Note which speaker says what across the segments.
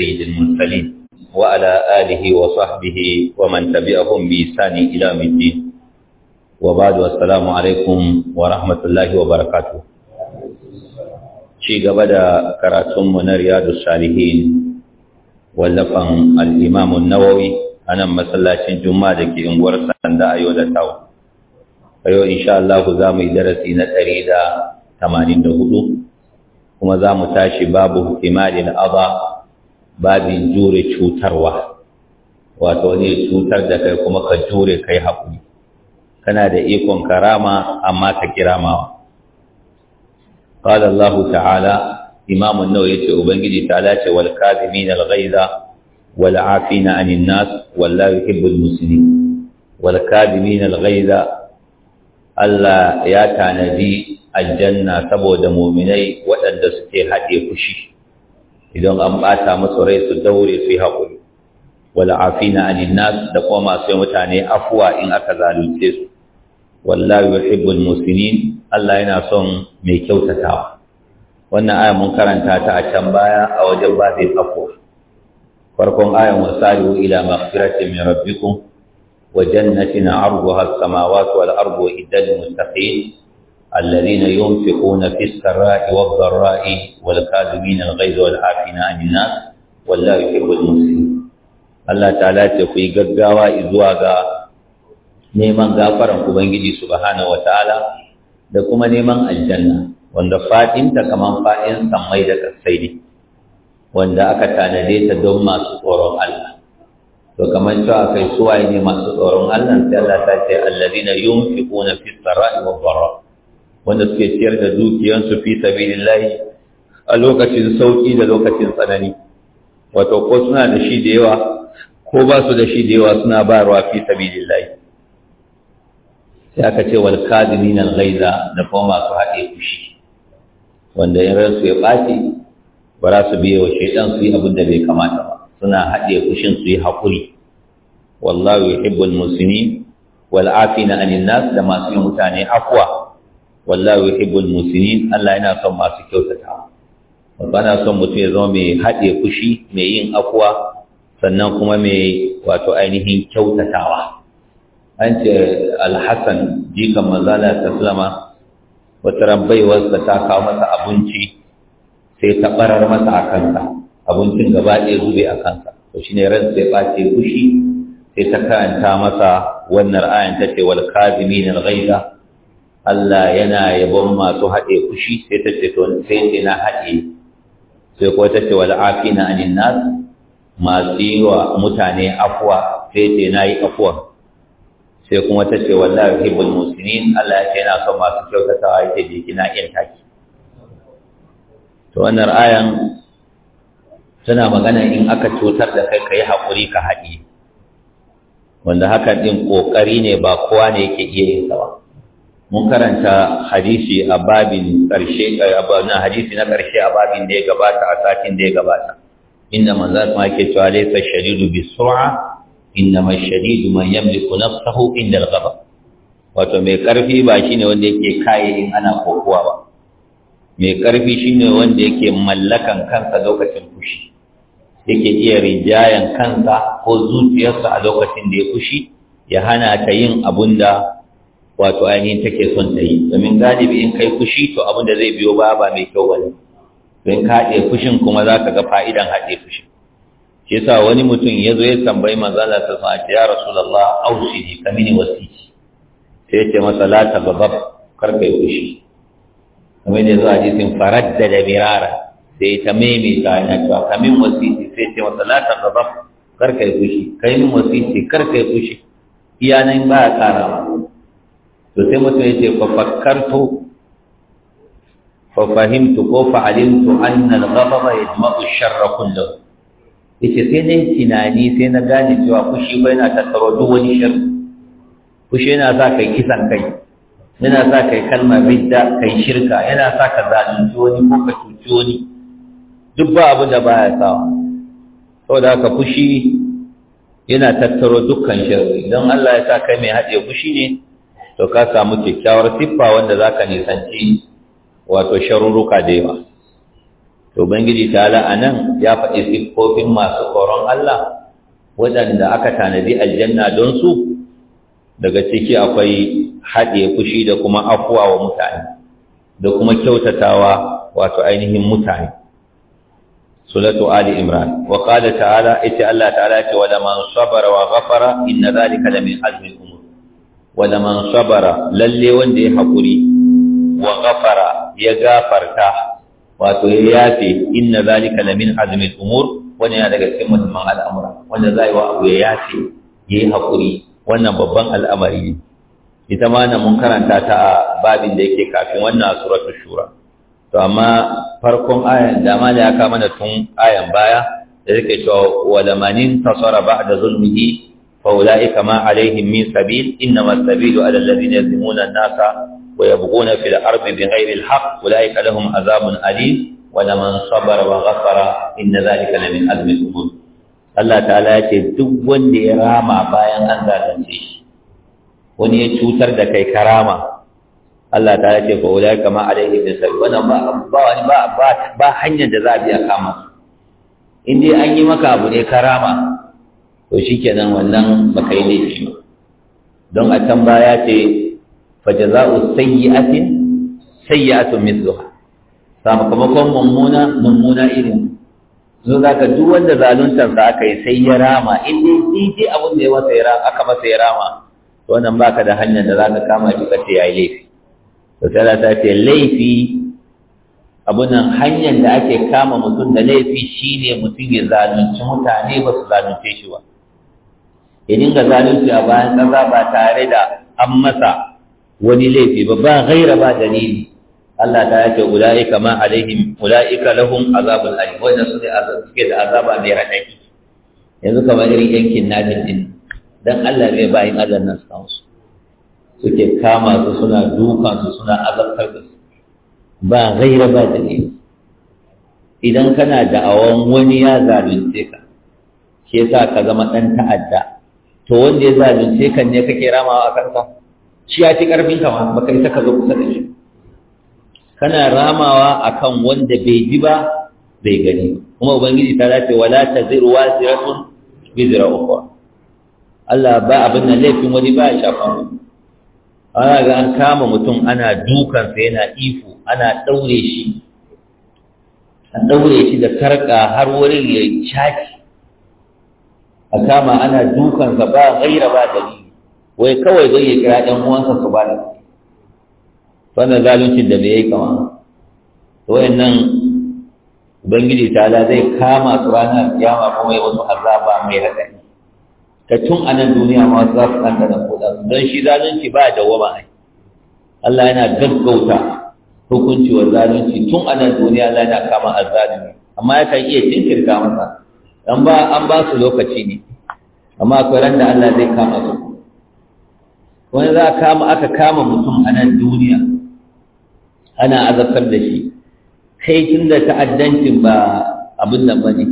Speaker 1: سيد المرسلين وعلى آله وصحبه ومن تبعهم بإحسان إلى يوم الدين وبعد والسلام عليكم ورحمة الله وبركاته شيء قبل كراتم من رياض الصالحين واللفن الإمام النووي أنا مسلاة جمعة كي انقر سندا أيو لتاو أيو إن شاء الله زامي درسين الأريدة 84 kuma za mu tashi babu himalin aba babin jure cutarwa wato ne cutar da kai kuma ka jure kai haƙuri kana da ikon karama amma ka kiramawa qala Allah ta'ala imam nawa nawawi yace ubangiji ta'ala ce wal kadhimin al-ghaiza wal 'afina 'anil nas wallahu yuhibbul muslimin wal kadhimin ghaiza Allah ya tanadi aljanna saboda mu'minai waɗanda suke haɗe fushi idan an bata masu rai su daure su yi haƙuri wala afina anin nas da kuma masu mutane afuwa in aka zalunce su wallahu yuhibbul musinin Allah yana son mai kyautatawa wannan aya mun karanta ta a can baya a wajen babin afuwa farkon ayan wasalu ila maghfiratin min rabbikum wa jannatin 'arduha as-samawati wal ardu iddat lil muttaqin الذين ينفقون في السراء والضراء والكاذبين الغيظ والعافين عن الناس والله يحب المسلمين Allah ta'ala ce ku yi gaggawa zuwa ga neman gafaran Ubangiji subhanahu wataala da kuma neman aljanna wanda fadinta kaman fadin sammai da kasai ne wanda aka tanade ta don masu tsoron Allah to kamar cewa kai suwaye ne masu tsoron Allah sai Allah ta ce allazina yunfiquna fis sarai wad dharar wanda suke ciyar da dukiyansu fi sabilillahi a lokacin sauki da lokacin tsanani wato ko suna da shi da yawa ko ba su da shi da yawa suna bayarwa fi sabilillahi sai aka ce wal kadimin al da kuma masu haɗe fushi wanda in ransu ya ɓaci ba za su biye wa shaidan su yi abin da bai kamata ba suna haɗe kushin su yi haƙuri wallahu yuhibbul muslimin wal afina anin nas da masu yin mutane afwa wallahu yuhibbul musinin Allah yana son masu kyautatawa wato ana son mutum ya zama mai haɗe fushi mai yin akwa sannan kuma mai wato ainihin kyautatawa an ce alhassan jikan manzala ta sulama wata da ta kawo masa abinci sai ta barar masa a kansa abincin gaba ɗaya zube a kansa to shine ran sai ɓace fushi sai ta karanta masa wannan ayan ta ce wal kazimin al-ghaiza Allah yana yabon masu haɗe kushi sai ta ce to sai ce na haɗe sai kuwa ta ce wal afina anin nas masu yi wa mutane afuwa sai ce na yi afuwa sai kuma ta ce wallahi hibbul muslimin Allah ya ce yana son masu kyautatawa yake ji kina iya taki to wannan ayan tana magana in aka cutar da kai kai haƙuri ka haɗe wanda hakan din ƙoƙari ne ba kowa ne yake iya yin sa ba mun karanta hadisi a babin ƙarshe na hadisi na ƙarshe a babin da ya gabata a satin da ya gabata inda manzo kuma yake cewa laysa shadidu bi sur'a innama shadidu man yamliku nafsahu inda al-ghadab wato mai karfi ba shine wanda yake kai in ana kokowa ba mai karfi shine wanda yake mallakan kansa lokacin fushi yake iya rijayan kansa ko zuciyarsa a lokacin da ya fushi ya hana ta yin abun da wato ainihin take son ta yi domin galibi in kai fushi to abin da zai biyo ba ba mai kyau wani don ka haɗe fushin kuma za ka ga fa'idan haɗe fushin shi yasa wani mutum ya zo ya tambayi manzala ta sa ce ya rasulullah ausidi ka mini wasiki sai ce masa la ta babab kar kai fushi kamar da zuwa jisin farad da mirara sai ta ta yana cewa ka min wasiki sai ce masa la ta babab kar kai fushi kai min wasiki kar kai fushi iyanan ba ya ƙara ba to sai mutum ya ce fa fakkartu fa fahimtu ko fa alimtu anna al-ghadaba yajma'u sharra kullahu yace sai dai tunani sai na gane cewa fushi ba yana tattaro duk wani sharri fushi yana sa kai kisan kai yana sa kai kalma bidda kai shirka yana sa ka zalunci wani ko ka cuci wani duk ba abu da baya sawa saboda haka fushi yana tattaro dukkan sharri don Allah ya sa kai mai haɗe fushi ne to ka samu kyakkyawar siffa wanda za ka nisanci wato sharurruka da yawa to bangiji ta'ala a nan ya faɗi siffofin masu tsoron Allah waɗanda aka tanadi aljanna don su daga ciki akwai haɗe fushi da kuma afuwa wa mutane da kuma kyautatawa wato ainihin mutane sulatu ali imran wa qala ta'ala ita Allah ta'ala ce wa man sabara wa ghafara inna zalika la min azmi wa man sabara lalle wanda ya haƙuri wa ghafara ya gafarta wato ya yafe inna zalika lamin azmi umur wannan yana daga cikin muhimman al'amura wanda yi wa abu ya yafe yi haƙuri wannan babban al'amari ne ita ma mun karanta ta a babin da yake kafin wannan suratul shura to amma farkon ayan da ma da ya kama da tun ayan baya da yake cewa wa lamanin tasara ba'da zulmihi فأولئك ما عليهم من سبيل إنما السبيل على الذين يظلمون الناس ويبغون في الأرض بغير الحق أولئك لهم عذاب أليم ولمن صبر وغفر إن ذلك لمن أزم الأمور Allah ta'ala ya ce duk wanda ya rama bayan an zalunce shi wani ya cutar da kai karama Allah ta'ala ce ko ulai kama alaihi wannan ba ba ba ba, ba hanyar da za a biya kama in dai an yi maka abu ne karama to kenan wannan baka yi laifi ba don a can baya ce fa jaza'u sayyi'atin sayyi'atu mithluha sakamakon mummuna mummuna irin zo za ka duk wanda zaluntar sa aka yi sai ya rama in dai dai abin da ya masa ya rama aka masa ya rama to wannan baka da hanyar da za ka kama shi kace yayi laifi to sai ta ce laifi abunan hanyar da ake kama mutum da laifi shine mutum ya zalunci mutane ba su zalunce shi ba ya dinga zalunci a bayan kaza ba tare da an masa wani laifi ba ba ghaira ba dalili Allah ta yace ulaika ma alaihim ulaika lahum azabul alim wannan su azab suke da azaba mai radadi yanzu kamar irin yankin nadin din dan Allah ne bayin Allah nan su suke kama su suna duka su suna azabtar da su ba ghaira ba dalili idan kana da'awan wani ya zalunce ka ke sa ka zama dan ta'adda to wanda ya zalunce kan ne kake ramawa a kansa shi ya ci karfin ka ma baka isa ka zo kusa da shi kana ramawa akan wanda bai ji ba bai gani kuma ubangiji ta dace wala ta ziratun bi zira uku. Allah ba abin nan laifin wani ba ya shafa ana ga an kama mutum ana sa yana ifu ana daure shi an daure shi da sarka har wurin ya caki. a kama ana dukansa ba gaira ba dalili wai kawai zai yi kira ɗan uwansa su ba da wannan zaluncin da bai yi kama to nan ubangiji ta'ala zai kama su ranar kiyama kuma ya wasu azaba mai haɗari ta tun a nan duniya ma za su ɗan ɗan koɗa Dan shi zalunci ba da wama ai Allah yana gaggauta hukunci wa zalunci tun a nan duniya Allah yana kama azzalumi amma yakan iya jinkirta masa an ba an ba su lokaci ne amma akwai ran da Allah zai kama su wani za kama aka kama mutum a nan duniya ana azabtar da shi kai tun da ta'addancin ba abin nan bane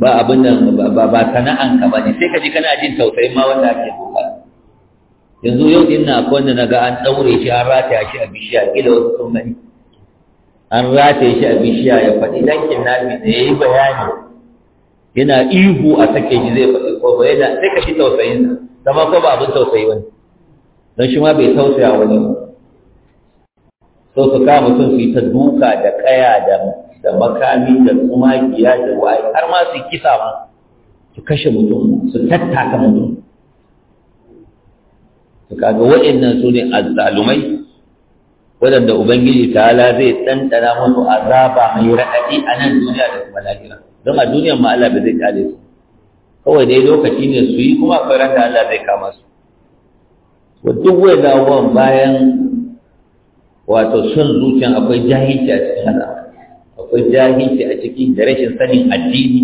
Speaker 1: ba abin nan ba ba sana'an ka bane sai ka ji kana jin tausayin ma wanda ake doka yanzu yau din na akwai wanda naga an daure shi an rataya shi a bishiya kila wasu sun an rataye shi a bishiya ya faɗi dan kinnabi da ya yi bayani yana ihu a sake shi zai faɗi ko ba yana sai ka shi tausayin sa sama ko ba abin tausayi wani don shi ma bai tausaya wani ba so su kama mutum su yi ta duka da kaya da da makami da kuma giya da waye har ma su kisa ma su kashe mutum su tattaka mutum su kaga waɗannan su ne azzalumai waɗanda ubangiji ta ala zai ɗanɗana musu azaba mai raɗaɗi a nan duniya da kuma lahira don a duniyar ma Allah ba zai kyale su kawai dai lokaci ne su yi kuma akwai ranta Allah zai kama su wa duk wanda abubuwan bayan wato son zuciyan akwai jahilci a cikin hada akwai jahilci a ciki da rashin sanin addini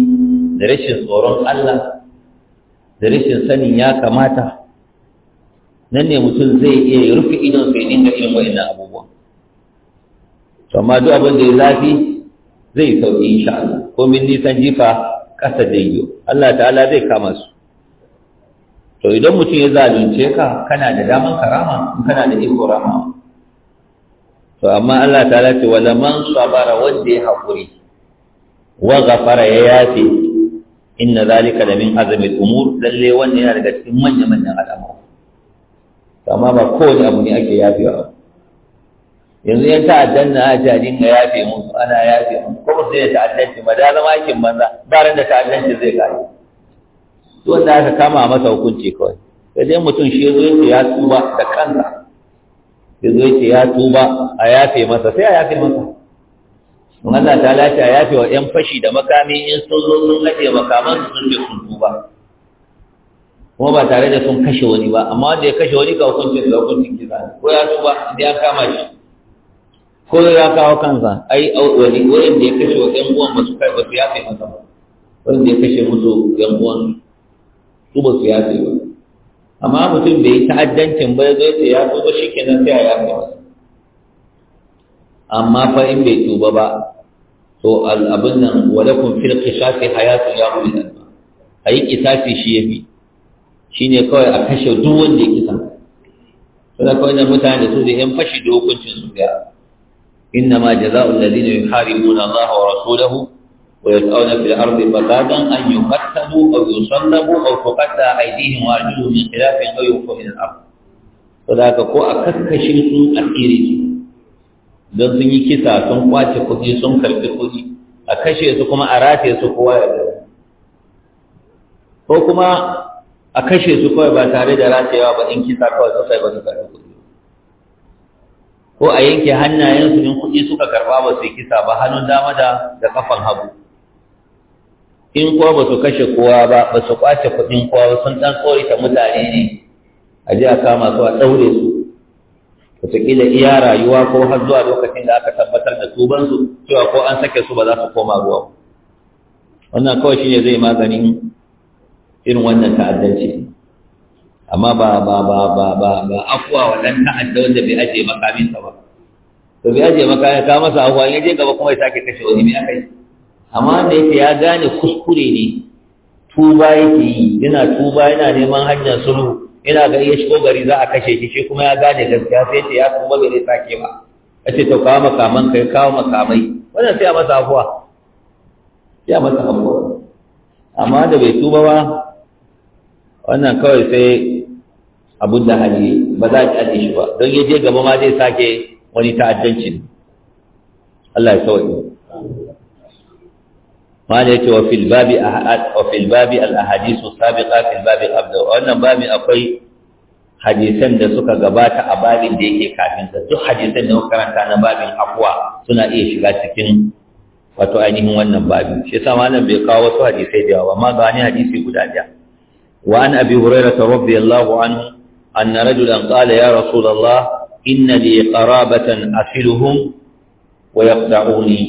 Speaker 1: da rashin tsoron Allah da rashin sanin ya kamata nan ne mutum zai iya rufe idon dinga irin wa'annan abubuwa to amma duk abin da ya zafi zai sauki insha Allah ko min nisan jifa kasa da yiwu Allah ta'ala zai kama su to idan mutum ya zalunce ka kana da daman karama in kana da iko rama to amma Allah ta'ala ce wala man sabara wanda ya haƙuri wa ghafara ya yafe inna zalika da min azmi umur lalle wannan yana daga cikin manyan manyan al'amura amma ba kowane abu ne ake yafewa yanzu ya ta'addan na aji a dinga yafe musu ana yafe musu ko sai ya ta'addanci ma da zama aikin banza ba ran da ta'addanci zai kare Su wanda aka kama a masa hukunci kawai sai dai mutum shi yazo yake ya tuba da kansa yazo yake ya tuba a yafe masa sai a yafe masa in Allah ta lafiya a yafe wa 'yan fashi da makami in sun zo sun nade makaman sun je sun tuba kuma ba tare da sun kashe wani ba amma wanda ya kashe wani ka hukuncin da hukuncin ke kisa ko ya tuba idan ya kama shi ko ya kawo kansa ai wani wurin da ya kashe wa yan uwan masu kai ba su yafe masa ba wurin da ya kashe musu yan uwan su ba su yafe ba amma mutum bai yi ta'addancin ba zai ce ya tuba shi kenan sai ya yafe masa amma fa in bai tuba ba to abin nan lakum fil qisasi hayatun ya ulil ayi qisasi shi yafi Shi ne kawai a kashe duk wanda ya kisa sai kawai da mutane su da yan fashi da hukuncin su ga inna ma jazaa'u alladhina yuharibuna Allah wa rasulahu wa yas'aluna fil ardi fasadan an yuqattalu aw yusallabu aw tuqatta aydihim wa arjuluhum min khilafin aw yunfu min al-ard saboda ko a kakkashe su a tsire su don sun yi kisa sun kwace kuɗi sun karɓi kuɗi a kashe su kuma a rataye su kowa ya ko kuma a kashe su kawai ba tare da ratayawa ba in kisa kawai su ba su karɓi kuɗi
Speaker 2: ko a yanke hannayensu
Speaker 1: in kuɗi suka karɓa ba su kisa ba hannun dama da da kafan hagu in kuwa ba su kashe kowa ba ba su kwace kuɗin kowa ba sun ɗan tsorita mutane ne a ji a kama su a ɗaure su wataƙila iya rayuwa ko har zuwa lokacin da aka tabbatar da tubansu cewa ko an sake su ba za su koma ruwa wannan kawai shine zai maganin irin wannan ta'addanci amma ba ba ba ba ba ba afuwa wannan dan ta'adda wanda bai aje makamin sa ba to bai aje makamin ka masa afuwa ne je gaba kuma ya sake kashe wani mai akai amma da yake ya gane kuskure ne tuba yake yi yana tuba yana neman hanyar sulhu yana ga iya shigo gari za a kashe shi shi kuma ya gane gaskiya sai ce ya kuma bai sake ba a ce to kawo makaman kai kawo makamai wannan sai a masa afuwa sai a masa afuwa amma da bai tuba ba wannan kawai sai abun da hali ba za a ake shi ba don ya je gaba ma zai sake wani ta'addanci Allah ya sauki ma ne ce wa fil babi wa fil babi al ahadisu sabiqa fil babi wannan babin akwai hadisan da suka gabata a babin da yake kafin sa duk hadisan da karanta na babin akwa suna iya shiga cikin wato ainihin wannan babin shi yasa malam bai kawo wasu hadisai da yawa amma ga wani hadisi guda ɗaya وعن أبي هريرة رضي الله عنه أن رجلا قال يا رسول الله إن لي قرابة أصلهم ويقطعوني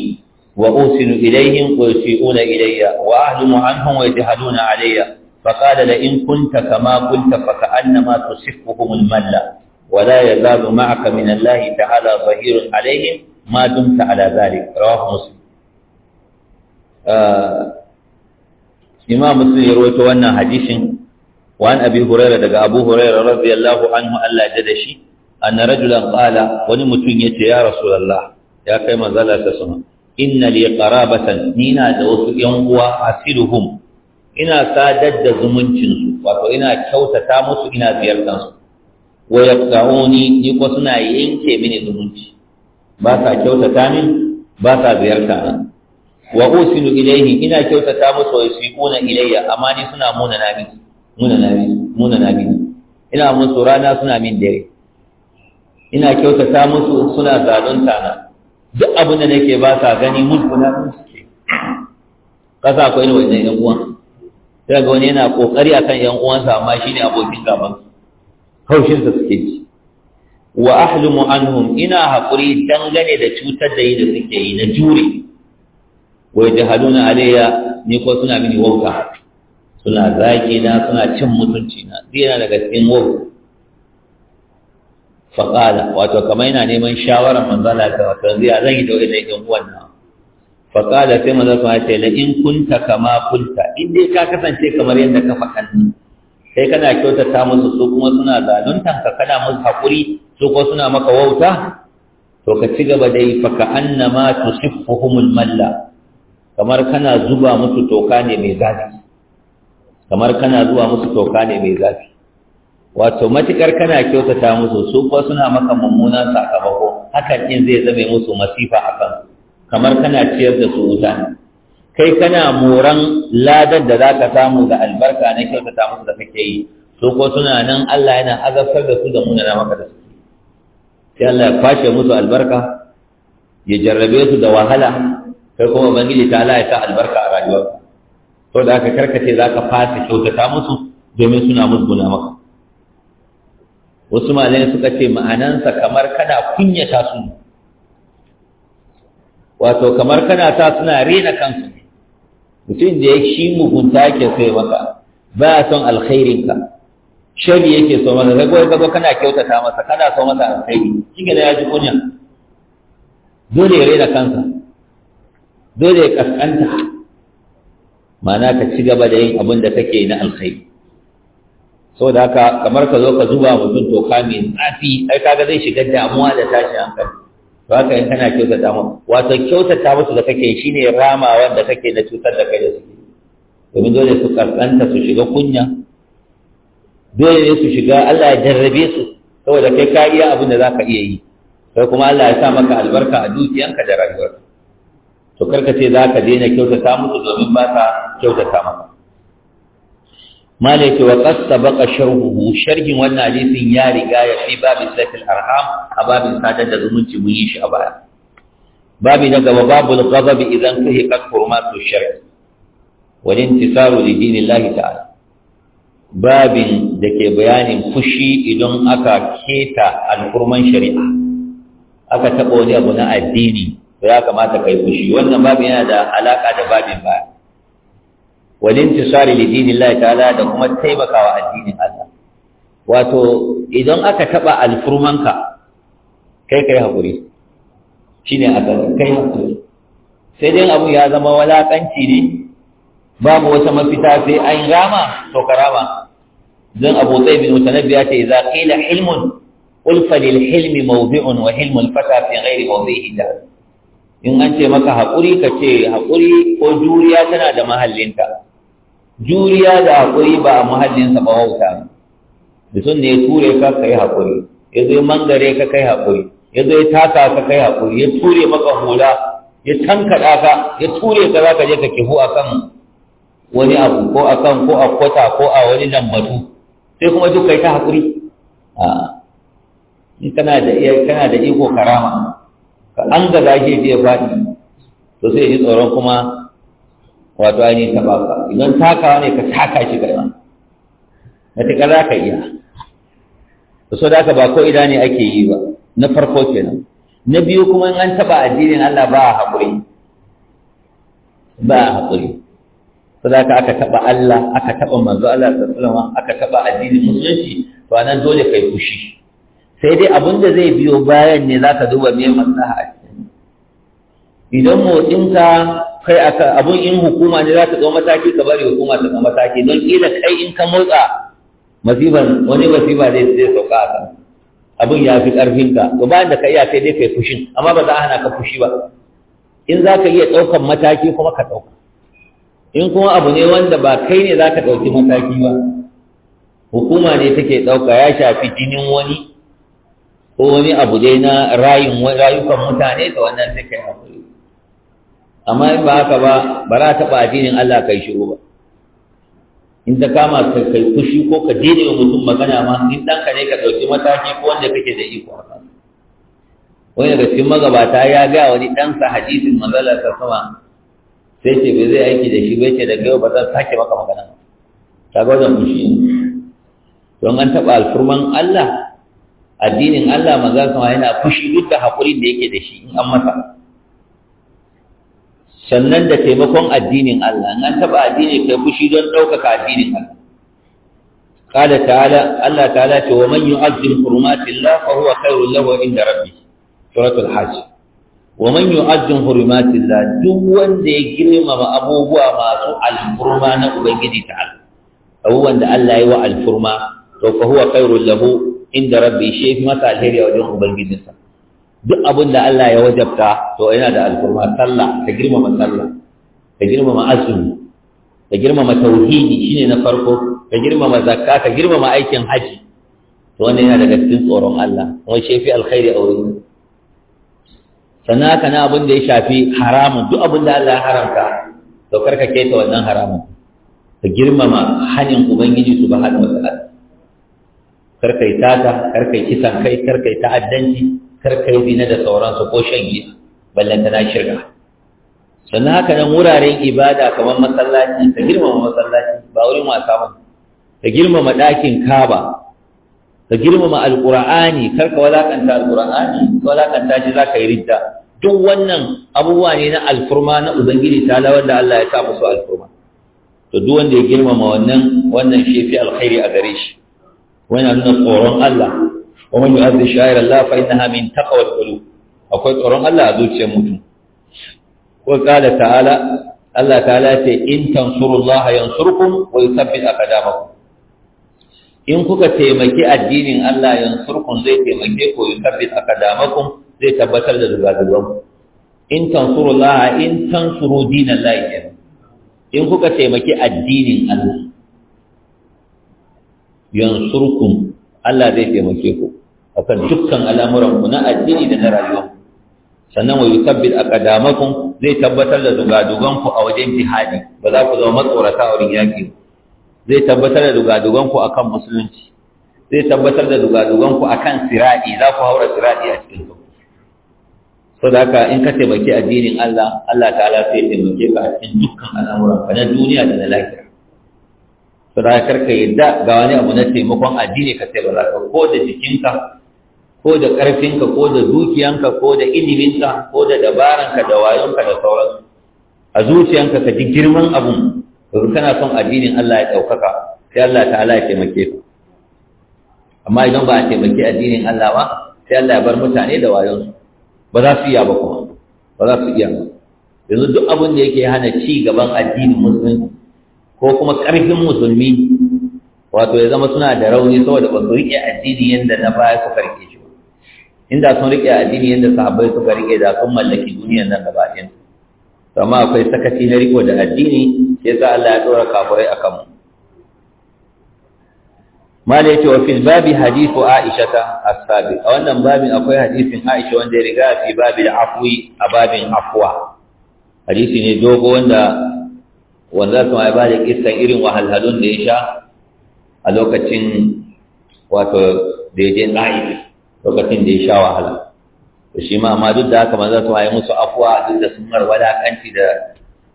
Speaker 1: وأوسن إليهم ويسيئون إلي وأعلم عنهم ويجهلون علي فقال لئن كنت كما قلت فكأنما تصفهم الملة ولا يزال معك من الله تعالى ظهير عليهم ما دمت على ذلك رواه مسلم آه إمام مسلم يروي wannan hadisin وعن أبي هريرة دقى أبو هريرة رضي الله عنه ألا جدشي أن رجلا قال ونمتن يا رسول الله يا كما زال تسمى إن لي قرابة نينا دوس ينقوى أسلهم إنا سادد زمنشنس وإنا إنا كوتا تامس إنا زيارتنس ويقطعوني يقصنا ينكي من زمنش باسا كوتا تامن باسا زيارتنا وأوسل إليه إنا كوتا تامس ويسيقون إلي أماني سنا مونا نامس muna na mini ina musu rana suna min dare ina kyautata musu suna zalunta na duk abin da nake ba sa gani mun na sun suke kasa akwai wani wajen yan uwan sai ga wani yana kokari akan yan uwansa amma shine abokin gaban haushin sa suke ji wa ahlumu anhum ina haƙuri dangane da cutar da yi da suke yi na jure wa jahaluna alayya ni ko suna mini wauta suna zage na suna cin mutunci na zina daga cikin wuri faƙala wato kamar yana neman shawarar manzala ta wata zai zan yi da yan uwan na faƙala sai manzala ta ce la in kunta kama kunta in dai ka kasance kamar yadda ka faɗa ni sai kana kyautata musu su kuma suna zaluntan ka kana musu haƙuri su kuma suna maka wauta to ka ci gaba dai fa ka annama tusiffuhumul malla kamar kana zuba musu toka ne mai zafi kamar kana zuwa musu toka ne mai zafi wato matukar kana kyautata musu su kuwa suna maka mummunan sakamako hakan in zai zame musu masifa a kan kamar kana ciyar da su wuta ne kai kana moran ladan da za ka samu da albarka na kyautata musu da kake yi su kuwa suna nan Allah yana azabtar da su da munana maka da su sai Allah ya kwashe musu albarka ya jarrabe su da wahala kai kuma ubangiji ta Allah ya sa albarka a rayuwarsu. da aka karkace za ka fasa kyautata musu domin suna musguna maka wasu malai suka ce ma'anansa kamar kana kunyata su wato kamar kana sa suna rena kansu mutum da ya shi mugunta ke sai maka ba son alkhairinka shari yake so masa zago ya zago kana kyautata masa kana so masa alkhairi shi ne ya ji kunya dole ya rena kansa dole ya kaskanta ma'ana ka ci gaba da yin abin da kake na alkhairi saboda haka kamar ka zo ka zuba mutum toka mai zafi ai kaga zai shiga damuwa da tashin hankali to haka in kana kyautata damuwa wato kyautata musu da kake shine ramawan da kake na cutar da kai da su domin dole su karkanta su shiga kunya dole ne su shiga Allah ya jarrabe su saboda kai ka iya abin da zaka iya yi sai kuma Allah ya sa maka albarka a dukiyanka da rayuwarka to karka ce za ka daina kyautata musu domin ba ta kyautata maka malaki wa qad sabaqa sharhuhu sharhin wannan hadisin ya riga ya fi babin zakil arham a babin sadar da zumunci mun yi shi a baya babi na gaba babul ghadab idan tuhiqat hurmatu shar'i wa intisaru li dinillahi ta'ala babin da ke bayanin fushi idan aka keta al'urman shari'a aka taɓa wani abu na addini to ya kamata kai fushi wannan babin yana da alaka da babin baya walin tisari li dinillahi ta'ala da kuma taimakawa addinin Allah wato idan aka taba alfurmanka kai kai hakuri shine akan kai hakuri sai dai abu ya zama walakanci ne babu wata mafita sai an rama to karama dan Abu Zaid bin Mutanabbi ya ce idza qila hilmun qul fa lil hilmi mawdi'un wa hilmul fata fi ghairi mawdi'ihi in an ce maka haƙuri ka ce haƙuri ko juriya tana da mahallinta juriya da haƙuri ba a mahallinsa ba wauta sun ne ya ture ka kai haƙuri ya zai mangare ka kai haƙuri ya zai taka ka kai haƙuri ya ture maka hula ya tankaɗa ka ya ture ka za ka je ka kihu a kan wani abu ko a kan ko a kwata ko a wani lambatu sai kuma duk kai ta haƙuri in kana da iko karama ka an gaza shi ya faɗi to sai ji tsoron kuma wato ainihin taɓa ka idan takawa ne ka taka shi gaba matuƙar za ka iya so da ba ko ida ne ake yi ba na farko kenan na biyu kuma in an taɓa addinin Allah ba a haƙuri ba a haƙuri so da aka taɓa Allah aka taɓa manzo Allah sallallahu alaihi wasallam aka taɓa addinin musulunci to anan dole kai fushi sai dai abin da zai biyo bayan ne za ka duba mai maslaha a cikin idan motsinka kai aka abun in hukuma ne za ta zo mataki ka bari hukuma ta mataki don kila kai in ka motsa masifan wani masifa zai zai sauka a kan abin ya fi ƙarfinka to bayan da ka iya sai dai kai fushin amma ba za a hana ka fushi ba in za ka iya ɗaukan mataki kuma ka ɗauka in kuma abu ne wanda ba kai ne za ka ɗauki mataki ba hukuma ne take ɗauka ya shafi jinin wani ko wani abu dai na rayin rayukan mutane da wannan sai kai hakuri amma in ba haka ba ba za taɓa addinin Allah kai shiru ba in ta kama ka kai fushi ko ka daina wa mutum magana ma in ka ne ka ɗauki mataki ko wanda kake da iko haka
Speaker 2: wani daga cikin magabata
Speaker 1: ya ga wani sa hadisin manzala ta sama sai ce bai zai aiki da shi bai ce da yau ba zan sake maka magana ta ga wajen fushi don an taɓa alfurman Allah addinin Allah maza sama yana fushi duk da haƙurin da yake da shi in an masa sannan da taimakon addinin Allah in an taɓa addini kai fushi don ɗaukaka addinin Allah qala ta'ala Allah ta'ala ce wa man yu'azzim hurumatillah fa huwa khairul lahu inda rabbih suratul hajj wa man yu'azzim hurumatillah duk wanda ya girmama abubuwa masu alfurma na ubangiji ta'ala abubuwan da Allah ya wa alfurma to fa huwa khairul lahu inda rabbi shi fi masa alheri a wajen ubangijinsa duk abin da Allah ya wajabta to yana da alkurma sallah ta girmama sallah ta girmama azumi ta girmama tauhidi shine na farko ta girmama zakka ta girmama aikin haji to wannan yana daga cikin tsoron Allah kuma shi fi alkhairi a wurin sannan haka na abin da ya shafi haramun duk abin da Allah ya haramta to karka keta wannan haramun ka girmama hanin ubangiji subhanahu wa ta'ala karkai tata karkai kisan kai karkai ta'addanci karkai zina da sauransu ko shan giya ballanta na shirka sannan haka nan wuraren ibada kamar masallaci ta girmama masallaci ba wurin wasa ba ta girmama ɗakin kaba ta girmama alƙur'ani kar ka walakanta alƙur'ani ka walakanta shi za ka yi ridda duk wannan abubuwa ne na alfurma na ubangiji ta lawar da Allah ya sa musu alfurma to duk wanda ya girmama wannan wannan shi fi alkhairi a gare shi wani nuna tsoron Allah wa man yu'azzi sha'ir Allah fa innaha min taƙa wata qulub akwai tsoron Allah a zuciyar mutum ko tsada ta'ala Allah ta ce in tansurullaha yansurkum wa yuthabbit aqdamakum in kuka taimaki addinin Allah yansurkum zai taimake ku yuthabbit aqdamakum zai tabbatar da dugadugan in tansurullaha in tansuru dinallahi in kuka taimaki addinin Allah yansurkum Allah zai taimake ku akan dukkan al'amuran ku na addini da na rayuwa sannan wa yusabbit aqdamakum zai tabbatar da dugadugan ku a wajen jihadi ba za ku zama matsorata a wurin yaki zai tabbatar da dugadugan ku akan musulunci zai tabbatar da dugadugan ku akan sirati za ku haura sirati a cikin ku saboda in ka taimaki addinin Allah Allah ta'ala sai ya taimake ka a cikin dukkan al'amuran ka na duniya da na lafiya to da ka yadda ga wani abu na taimakon addini ka sai ba ka ko da jikinka ko da ƙarfinka ko da dukiyanka ko da iliminka ko da dabaranka da wayonka da sauransu a zuciyanka ka ji girman abun yanzu kana son addinin Allah ya ɗaukaka sai Allah ta'ala ya taimake ka amma idan ba a taimaki addinin Allah ba sai Allah ya bar mutane da wayonsu ba za su iya ba kuma ba za su iya ba yanzu duk abin da yake hana ci gaban addinin musulunci ko kuma ƙarfin musulmi wato ya zama suna da rauni saboda ba su riƙe addini yadda na baya suka riƙe shi ba inda sun riƙe addini yadda sahabbai suka riƙe da sun mallaki duniyar nan gaba ɗin to amma akwai sakaci na riko da addini sai sa Allah ya ɗora kafirai a kanmu mala yace wa fil babi hadithu aisha as-sabi a wannan babin akwai hadisin aisha wanda ya riga fi babil afwi a babin afwa hadisi ne dogo wanda wanda su mai ba da kissan irin wahalhalun da ya sha a lokacin wato da ya je ɗa'if lokacin da ya sha wahala to shi ma amma duk da haka manzo su mai musu afuwa duk da sun marwada kanci da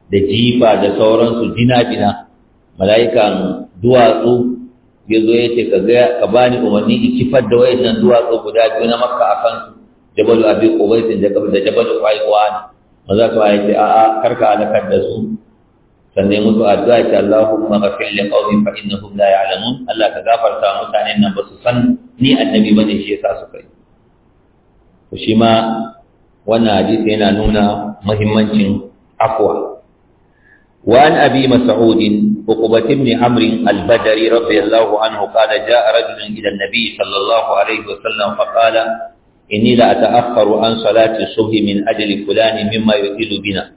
Speaker 1: da jifa da sauransu jina-jina mala'ikan duwatsu ya zo ya ce ka bani umarni in kifar da wayannan duwatsu guda biyu na makka a kansu jabalu abi qubaisin da jabalu ne maza ma ya ce a'a karka alakar da su sannan yi mutu addu’a ce Allahumma ba fi ilin ƙaumin fa’in na hukla ya alamu, Allah ka gafarta wa mutanen nan ba su san ni annabi ba ne shi ya sa su kai. Ku wannan hadisi yana nuna muhimmancin afuwa. Wani abi Mas'udin hukubatin ne amrin albadari rabbi Allah anhu kada ja a rajulun gidan nabi sallallahu alaihi wa sallam faƙala inni la ta'akharu an salati suhi min ajli kulani mimma yu'idu bina.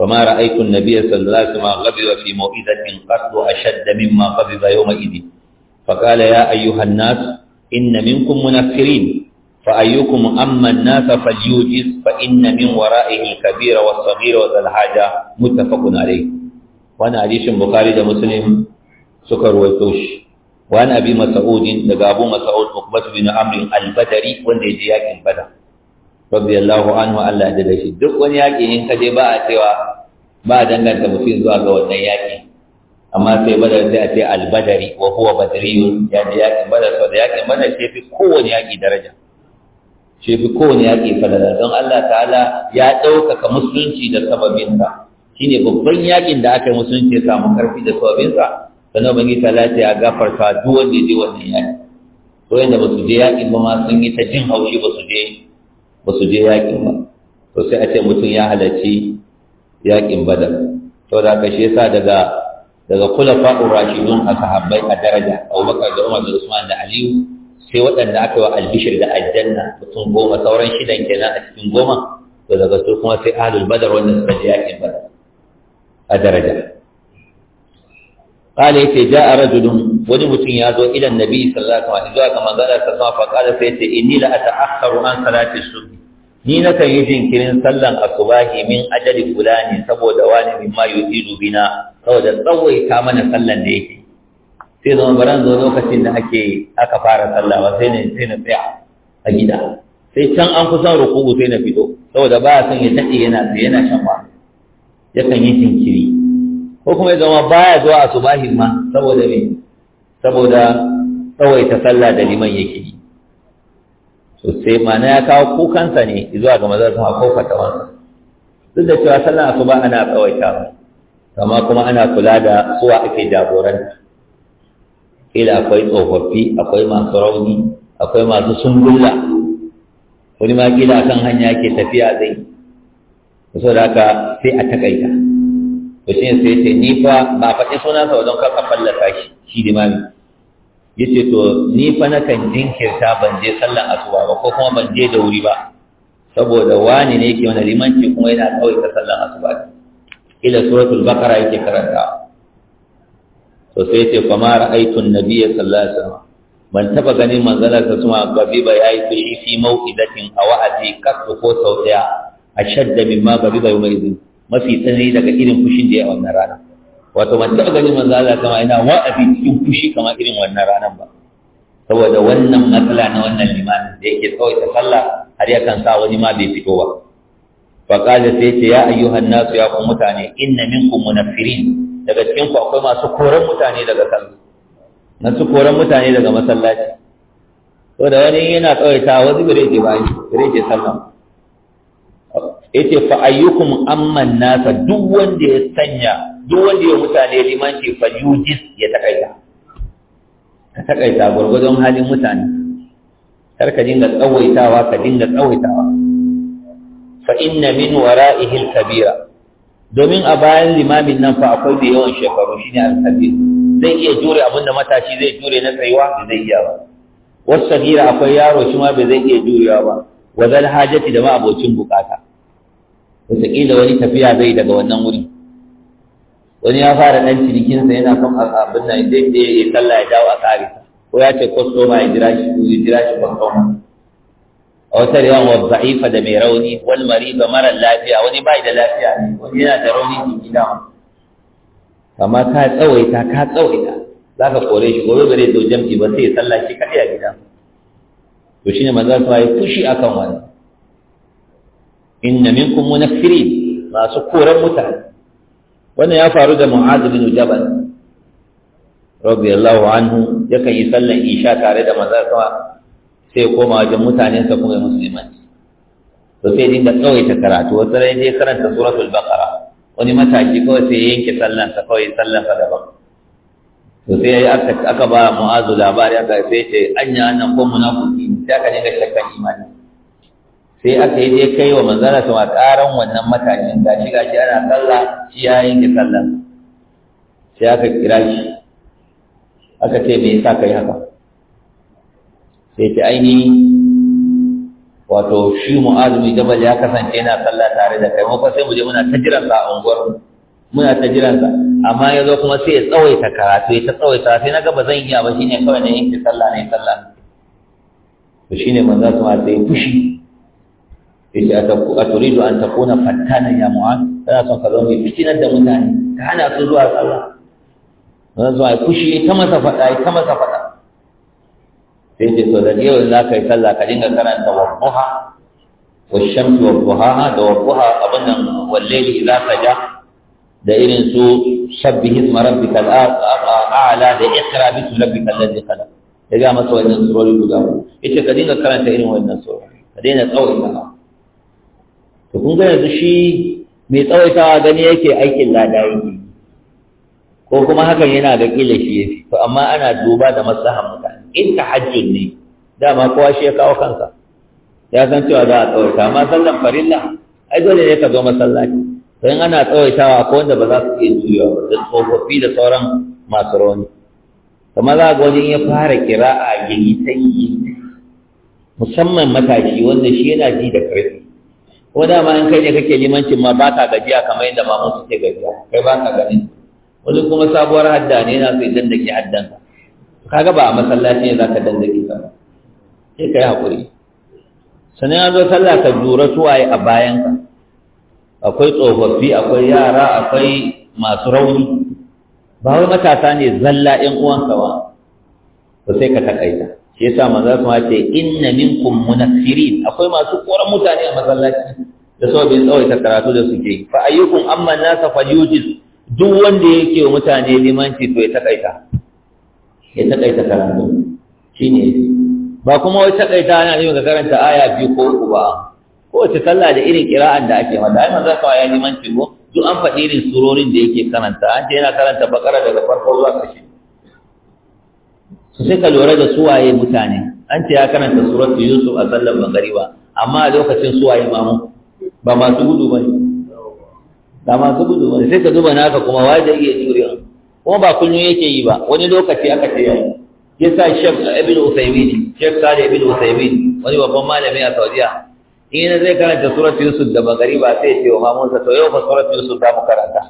Speaker 1: فما رأيت النبي صلى الله عليه وسلم غضب في موئدة قط أشد مما غضب يومئذ فقال يا أيها الناس إن منكم منفرين فأيكم أما الناس فليوجز فإن من ورائه الكبير والصغير وذا الحاجة متفق عليه وأنا حديث بخاري مسلم سكر والتوش وأنا أبي مسعود لقى أبو مسعود مقبة بن عمرو البدري وندي جياك البدر Rabbi allahu anhu Allah ya dade shi duk wani yaƙi in ka je ba a cewa ba a danganta mutum zuwa ga wannan yaƙi amma sai badar sai a ce albadari wa huwa badriyun ya je yaƙin badar sau da yaƙin badar shi fi kowane yaƙi daraja shi fi kowane yaƙi falala don Allah ta'ala ya ɗaukaka musulunci da sababinsa shine babban yaƙin da aka yi musulunci ya samu ƙarfi da sababinsa sannan bangi ta lati ya gafarta duk wanda ya je wannan yaƙi ko yanda ba su je yaƙin ba ma sun yi ta jin haushi ba su je ba su je yaƙin ba to sai a ce mutum ya halarci yaƙin badar saboda haka shi yasa daga daga khulafa rashidun a sahabbai a daraja Abubakar da Umar da Usman da Aliyu sai waɗanda aka yi wa albishir da aljanna mutum goma sauran shidan kenan a cikin goma to daga su kuma sai ahlul badar wanda suka je yaƙin badar
Speaker 2: a daraja
Speaker 1: قال يتي جاء رجل وني متين يازو الى النبي صلى الله عليه وسلم كما قال صلى الله عليه فقال فيتي اني لا اتاخر عن صلاه الصبح ni na kan yi jinkirin sallan asubahi min ajali fulani saboda wani min ma yu'idu bina saboda tsawaita mana sallan da yake sai zama baran zo lokacin da ake aka fara sallah ba sai ne sai na tsaya a gida sai can an kusan ruku'u sai na fito saboda ba son ya daɗe yana tsaye yana shan ba yakan yi jinkiri ko kuma ya zama baya zuwa a subahin ma saboda ne saboda tsawaita sallah da liman yake yi to sai mana ya kawo kukansa ne zuwa ga mazan sa ko fatawansa duk da cewa sallah asuba ana ba amma kuma ana kula da suwa ake jagoranta kila akwai tsofaffi akwai masu rauni akwai masu sungulla wani ma kila akan hanya ke tafiya zai saboda haka sai a takaita to shi sai ce ni fa ba faɗi suna sa wajen kar a fallasa shi shi limami ya ce to ni fa kan jinkirta ban je sallar asuba ba ko kuma ban je da wuri ba saboda wani ne yake wani limanci kuma yana kawai ta sallar asuba ila suratul baqara yake karanta to sai ce fa ma ra'aytun nabiyya sallallahu alaihi wasallam ban taba ganin manzalar ta suma gabi ba yayi fi fi mau'idatin aw wa'ati kasu ko sau daya ashadda mimma gabi ba yawma idin mafi tsanani daga irin fushin da ya wannan rana wato ban taɓa ganin manzo Allah kama yana wa'azi cikin fushi kama irin wannan ranar ba saboda wannan matsala na wannan limanin da yake tsawaita sallah har yakan sa wani ma bai fito ba fa qala sai ce ya ayyuhan nasu ya ku mutane inna minkum munaffirin daga cikin ku akwai masu koran mutane daga sallah masu koran mutane daga masallaci saboda wani yana tsawaita wani bare ke bayan bare ke sallah yace fa ayyukum amman nasa duk wanda ya sanya duk wanda ya mutane limanci fa yujis ya takaita ka takaita gurgurdon halin mutane kar ka dinga tsawaitawa ka dinga tsawaitawa fa inna min wara'ihi al-kabira domin a bayan limamin nan fa akwai da yawan shekaru shine al-kabir zai iya jure abin matashi zai jure na tsayuwa da zai iya ba wasu sagira akwai yaro shi ma bai zai iya jurewa ba wa zal hajati da ma abocin bukata wataƙila wani tafiya zai daga wannan wuri wani ya fara ɗan cinikinsa yana son abin nan zai je ya sallah ya dawo a tsari ko ya ce kwastoma ya jira shi ya jira shi kwastoma
Speaker 2: a wata yawan wa za'ifa
Speaker 1: da mai rauni wal mariba mara lafiya wani bai da lafiya ne wani yana da rauni jiki dama amma ka tsawaita ka tsawaita za ka kore shi gobe zai zo jam'i ba sai ya sallah shi kaɗai a gida to shine maza su ya fushi akan wani inna minkum munaffirin masu koran mutane wannan ya faru da mu'adh bin jabal radiyallahu anhu yakan yi sallan isha tare da manzon sama sai koma wajen mutanensa kuma musulmanci to sai dinga tsawaita karatu wasu rai je karanta suratul baqara wani mataki kawai sai yanke sallansa kawai sallansa daban to sai aka ba mu'azu labari aka sai ce anya annan ko munafiki sai aka dinga shakkan imani sai aka yi dai kai wa manzana sama karan wannan matashin gashi gashi ana sallah shi ya yanke sallah sai aka kira shi aka ce me yasa kai haka sai ta aini wato shi mu'azu mai jabal ya kasance yana sallah tare da kai mafa sai mu je muna ta jiran sa a unguwar muna ta jiran sa amma ya zo kuma sai ya tsawaita karatu ya ta tsawaita sai na ga ba zan iya ba shine kawai na yanke sallah ne sallah to shine manzo ma sai fushi yace a do an takuna fattana ya mu'ad kana son ka zama mai fitinar da mutane ka hana su zuwa sallah zan zuwa fushi ta masa faɗa ta masa faɗa sai ce to da yau za ka yi sallah ka dinga karanta buha wa shamsi wa buha da buha abin nan wallaili idza saja da irin su sabbihi isma rabbikal a'la da iqra bi rabbikal ladzi khalaq ya ga masa wannan surori guda ita ka dinga karanta irin wannan surori ka daina tsawon ta to kun ga yanzu shi mai tsawaitawa gani yake aikin lada yake ko kuma hakan yana ga kila shi ya to amma ana duba da maslahan mutane in ta hajjin ne dama kowa shi ya kawo kansa ya san cewa za a tsawaita amma sallan farilla ai dole ne ka zo masallaci to in ana tsawaitawa ko wanda ba za su iya juyawa da tsofaffi da sauran masu rauni kamar za ga wajen ya fara kira a ta yi musamman matashi wanda shi yana ji da karfi ko da ma in kai ne kake limancin ma ba ka gajiya kamar yadda ma mun suke gajiya kai ba ka gani wani kuma sabuwar hadda ne na sai dandake haddan kaga ba a masallaci ne za ka dandake ba sai ka yi haƙuri Sani an zo sallah ka jura suwaye a bayan ka akwai tsofaffi akwai yara akwai masu rauni ba wai matasa ne zalla 'yan uwanka ba to sai ka taƙaita shi yasa maza kuma ce inna minkum munaffirin akwai masu koran mutane a masallaci da tsawai tsawaita karatu da suke fa ayyukum amma nasa falyujiz duk wanda yake wa mutane limanci to ya takaita ya takaita karatu shine ba kuma wai takaita ana yin ga karanta aya biyu ko uku ba Ko kowace kalla da irin kira'an da ake mata ai manzo kawai ya limanci ko duk an faɗi irin surorin da yake karanta an ce yana karanta bakara daga farko zuwa ƙarshe sai ka lura da suwaye mutane an ce ya karanta suratu yusuf a sallar magariba amma a lokacin suwaye mamu ba masu gudu ba ne ba masu gudu ba sai ka zuba naka kuma wa da iya jurewa kuma ba kullum yake yi ba wani lokaci aka ce yau. ya yasa shek ibn usaymin shek sale ibn ne. wani babban malami a saudiya in zai karanta suratul yusuf da bagari ba sai ce wa mamunsa to yau fa suratul yusuf za mu karanta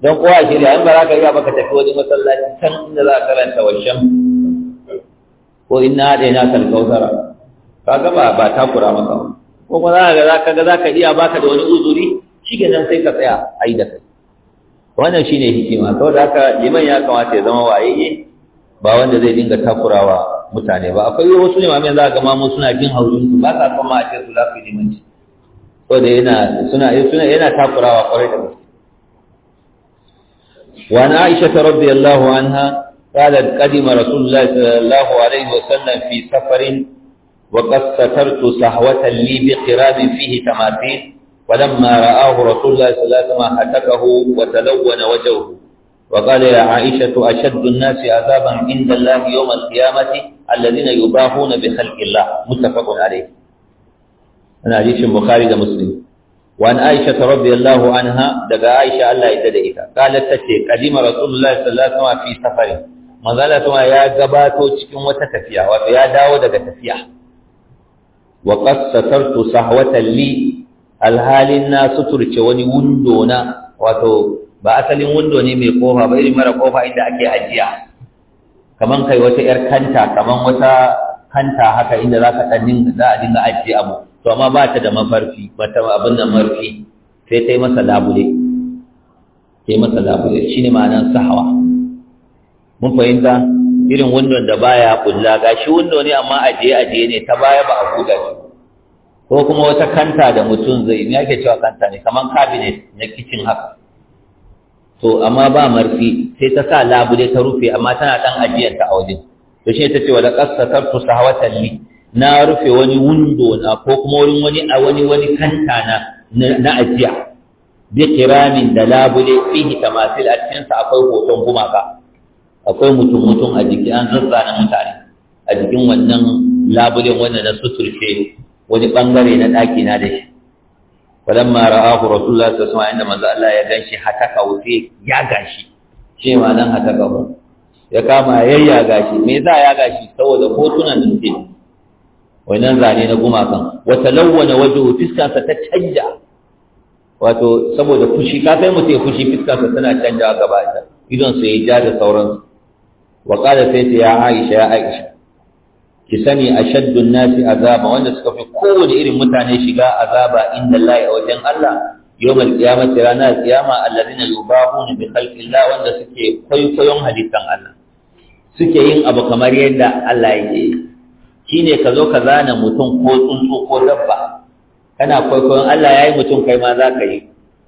Speaker 1: don kowa shirya in ba za ka yi ba ka tafi wani masallaci can inda za ka karanta wancan ko in na adaina kal kautara Ka ba ba takura maka ko kuma za ka ga zaka ga zaka iya baka da wani uzuri nan sai ka tsaya a yi da kai wannan shi ne hikima saboda haka liman ya kamata ya zama waye ba wanda zai dinga takurawa mutane ba akwai wasu ne limamin za ka ga mamu suna bin haurin su ba sa son ma a ce su za ku yi limanci saboda yana suna suna yana takurawa kwarai da gaske وعن عائشة رضي الله عنها قالت قدم رسول الله صلى الله عليه وسلم في سفر وقد سترت صحوة لي بقراب فيه تماثيل ولما رآه رسول الله صلى الله عليه وسلم هتكه وتلون وجهه وقال يا عائشة أشد الناس عذابا عند الله يوم القيامة الذين يباهون بخلق الله متفق عليه أنا حديث البخاري مسلم وعن عائشة رضي الله عنها دقى عائشة الله يتدئك قالت تشيك قدم رسول الله صلى الله عليه وسلم في سفره manzala ya gabato cikin wata tafiya wato ya dawo daga tafiya wa qad satartu alhalin na suturce wani wundo na wato ba asalin wundo ne mai kofa ba irin mara kofa inda ake ajiya kaman kai wata yar kanta kaman wata kanta haka inda za ka ɗan za a dinga ajiye abu to amma ba ta da mafarki ba ta abin da mafarki sai ta yi masa labule ta yi masa labule shi ma'anar sahawa mun fahimta irin windon da baya kulla gashi windo ne amma ajiye ajiye ne ta baya ba a buɗe shi ko kuma wata kanta da mutum zai ne yake cewa kanta ne kaman cabinet na kitchen haka to amma ba marfi sai ta sa labule ta rufe amma tana dan ajiyar ta a wajen to shi ta ce wala qasatartu sahawatan li na rufe wani windo na ko kuma wurin wani a wani wani kanta na na ajiya bi kiramin da labule fihi tamasil a cikin sa akwai hoton gumaka akwai mutum mutum a jiki an zazzana mutane a jikin wannan labulen wanda na suturce wani bangare na ɗaki na da shi falamma ra'ahu rasulullah sallallahu alaihi wasallam inda manzo Allah ya ganshi ka wuce ya gashi shi ma nan hataka mu ya kama yayya gashi me yasa ya gashi saboda hotunan da suke wannan zane na gumakan wa waje wajhu fiskansa ta canja wato saboda fushi ka mu mutum ya fushi fiskansa tana canjawa gaba ɗaya idon su ya ja da sauransu wa qala ya aisha ya aisha ki sani shaddun nasi azaba wanda suka fi kowane irin mutane shiga azaba inda layi a wajen Allah yawmal qiyamati ranar qiyama na yubahuna bi khalqillah wanda suke kwaikwayon halittan Allah suke yin abu kamar yadda Allah yake yi shine ka zo ka zana mutum ko tsuntsu ko dabba kana kwaikwayon Allah yayi mutum kai ma za ka yi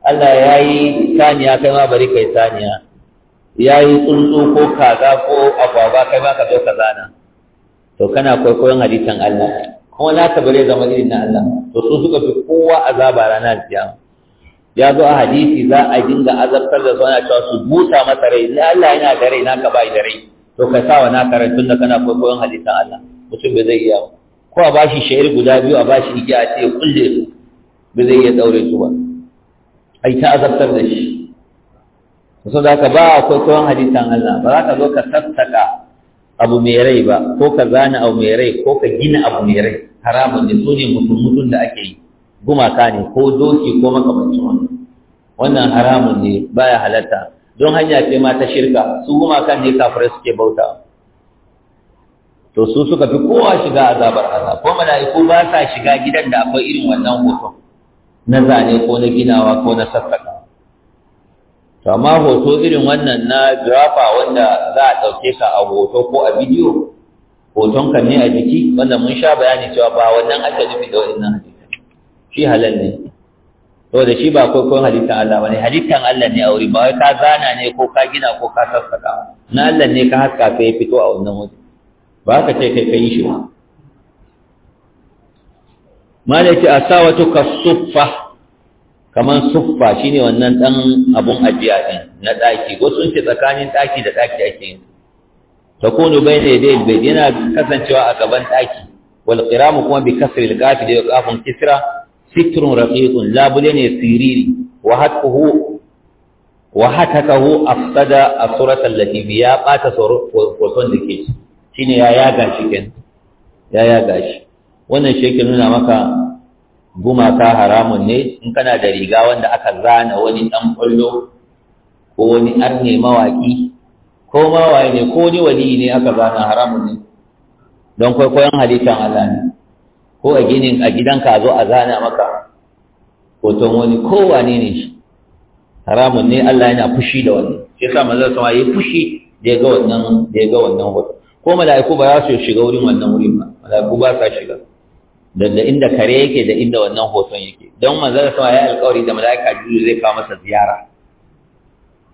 Speaker 1: Allah yayi saniya kai ma bari kai saniya ya yi tsuntsu ko kaza ko agwagwa kai ma ka zo ka zana to kana kwaikwayon halittan Allah kuma za ka bare zama irin na Allah to su suka fi kowa azaba ranar kiyama ya zo a hadisi za a dinga azabtar da su ana cewa su buta masa rai ni Allah yana da rai naka bai da rai to ka sa wa na rai tunda kana kwaikwayon halittan Allah mutum bai zai iya ba ko a bashi shayar guda biyu a bashi igiya a ce kulle su bai zai iya daure su ba ai ta azabtar da shi so da ka ba akwai koyon halittan Allah ba za ka zo ka sassaka abu mai rai ba ko ka zana abu mai rai ko ka gina abu mai rai haramun ne sune mutum mutum da ake yi gumaka ne ko doki ko makamancin wani wannan haramun ne baya halatta don hanya ce ma ta shirka su gumakan ne kafirai suke bauta to su suka fi kowa shiga azabar Allah ko mala'iku ba sa shiga gidan da akwai irin wannan hoton na zane ko na ginawa ko na sassaka amma hoto irin wannan na grafa wanda za a ɗauke ka a hoto ko a bidiyo hoton kan ne a jiki wanda mun sha bayani cewa ba wannan ake nufi da wannan hadisi shi halal ne saboda shi ba kwaikwayon halittar Allah ba ne halittar Allah ne a wuri ba wai ka zana ne ko ka gina ko ka sassaka na Allah ne ka haska sai ya fito a wannan wuri ba ka ce kai kai shi ba malaki asawatu kasuffa kamar suffa shine wannan dan abun ajiya din na daki wasu sun ce tsakanin daki da daki ake yin takunu bayna yaday albayt yana kasancewa a gaban daki wal kuma bi kasri alqaf da qafun kisra sitrun raqiqun labule ne siriri wa hatuhu wa hatakahu afsada as-surat allati biya bata hoton da ke shine ya yaga shi ken ya yaga shi wannan shi nuna maka gumaka haramun ne in kana da riga wanda aka zana wani ɗan ƙwallo ko wani arne mawaƙi ko mawaye ne ko wani wali ne aka zana haramun ne don kwaikwayon halittar Allah ne ko a ginin a gidanka a zo a zana maka hoton wani kowane ne shi haramun ne Allah yana fushi da wani shi yasa manzon sama yi fushi da ga wannan da ga wannan hoton ko mala'iku ba za su shiga wurin wannan wurin ba mala'iku ba sa shiga da inda kare yake da inda wannan hoton yake don da sama ya alƙawari da malaika jibril zai kawo masa ziyara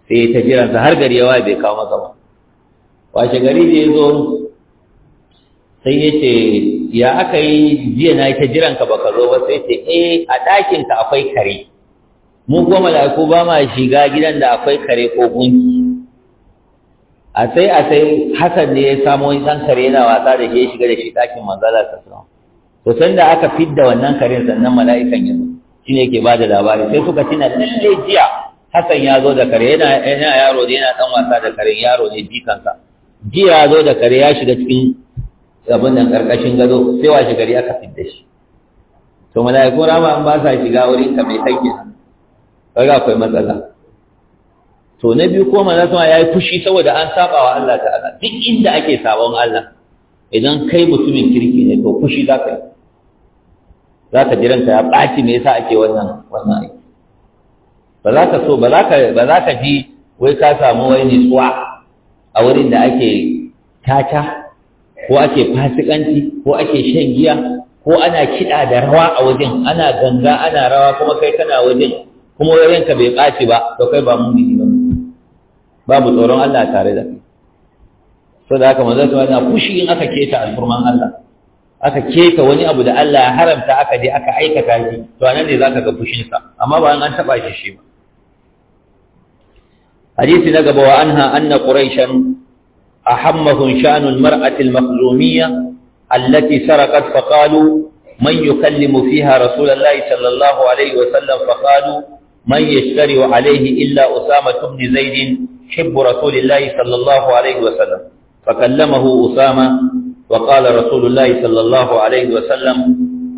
Speaker 1: sai ta jira sa har gari yawa bai kawo masa ba washe gari da ya zo sai ya ce ya aka yi jiya na ta jiran ka baka zo ba sai ce eh a ɗakin ka akwai kare mu kuma mala'iku ba ma shiga gidan da akwai kare ko gunki a sai a sai hasan ne ya samo wani ɗan kare yana wasa da shi ya shiga da shi ɗakin manzala sallallahu to sanda aka fidda wannan karin sannan mala'ikan ya zo shine yake bada labari sai suka tuna lalle jiya Hassan ya zo da kare yana yana yaro ne yana dan wasa da kare yaro ne jikansa jiya ya zo da kare ya shiga cikin abin nan karkashin gado sai washe gari aka fidda shi to mala'iku rama an ba sa shiga wurin ka mai sanki kaga akwai matsala to na biyu ko manzo ya yi fushi saboda an saba wa Allah ta'ala duk inda ake sabon Allah idan kai mutumin kirki ne to fushi za ka yi za ka jiranta ya ɓaci me yasa ake wannan wannan aiki ba za ka so ba za ka ji wai ka samu wai nutsuwa a wurin da ake tata ko ake fasikanci ko ake shan giya ko ana kiɗa da rawa a wajen ana ganga ana rawa kuma kai kana wajen kuma ka bai ɓaci ba to kai ba mumini ba babu tsoron Allah tare da kai saboda haka manzo ta yana fushi in aka keta alfurman Allah aka keta wani abu da Allah ya haramta aka je aka aikata shi to anan ne zaka ga fushinsa amma ba an taba shi shi ba hadisi na gaba wa anha anna quraishan ahammahum sha'nul mar'ati al-makhzumiyya allati sarakat faqalu man yukallimu fiha rasulullahi sallallahu alaihi wa sallam faqalu man yashtari alaihi illa usama ibn zaid hibbu rasulillahi sallallahu alaihi wa sallam فكلمه أسامة وقال رسول الله صلى الله عليه وسلم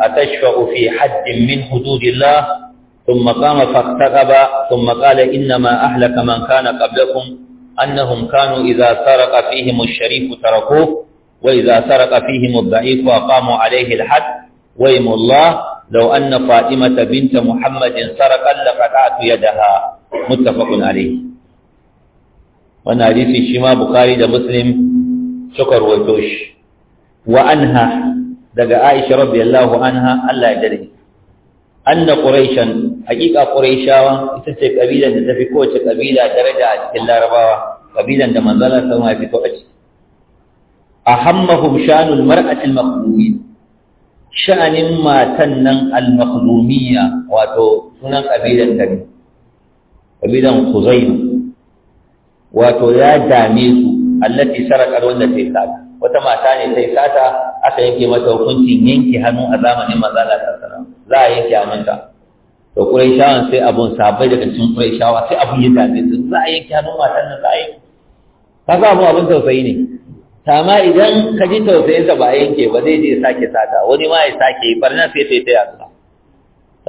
Speaker 1: أتشفع في حد من حدود الله ثم قام فاختقب ثم قال إنما أهلك من كان قبلكم أنهم كانوا إذا سرق فيهم الشريف تركوه وإذا سرق فيهم الضعيف وقاموا عليه الحد ويم الله لو أن فاطمة بنت محمد سرقا لقطعت يدها متفق عليه وانا حديث شما بخاري ده مسلم شكر وتوش wa anha daga Aisha radiyallahu anha Allah ya dare anna quraishan hakika quraishawa ita ce kabila da tafi kowace kabila daraja a cikin larabawa kabila da manzala ta ma fito a ciki ahammahum shanul mar'ati al maqdumin sha'anin matan nan al-maqdumiyya wato sunan kabilan ta ne kabilan khuzaima wato ya dame su allati sarakat wanda ta sata wata mata ne ta sata aka yanke mata hukuncin yanke hannu a zamanin maza na sallallahu za a yanke hannunta to quraishawan sai abun sabai daga cikin quraishawa sai abun ya dame su za a yanke hannun matan nan za a yanke kaga abun abun tausayi ne Ta ma idan ka ji tausayinsa ba a yanke ba zai je sake sata wani ma ya sake yi barna sai ta yi ta yasa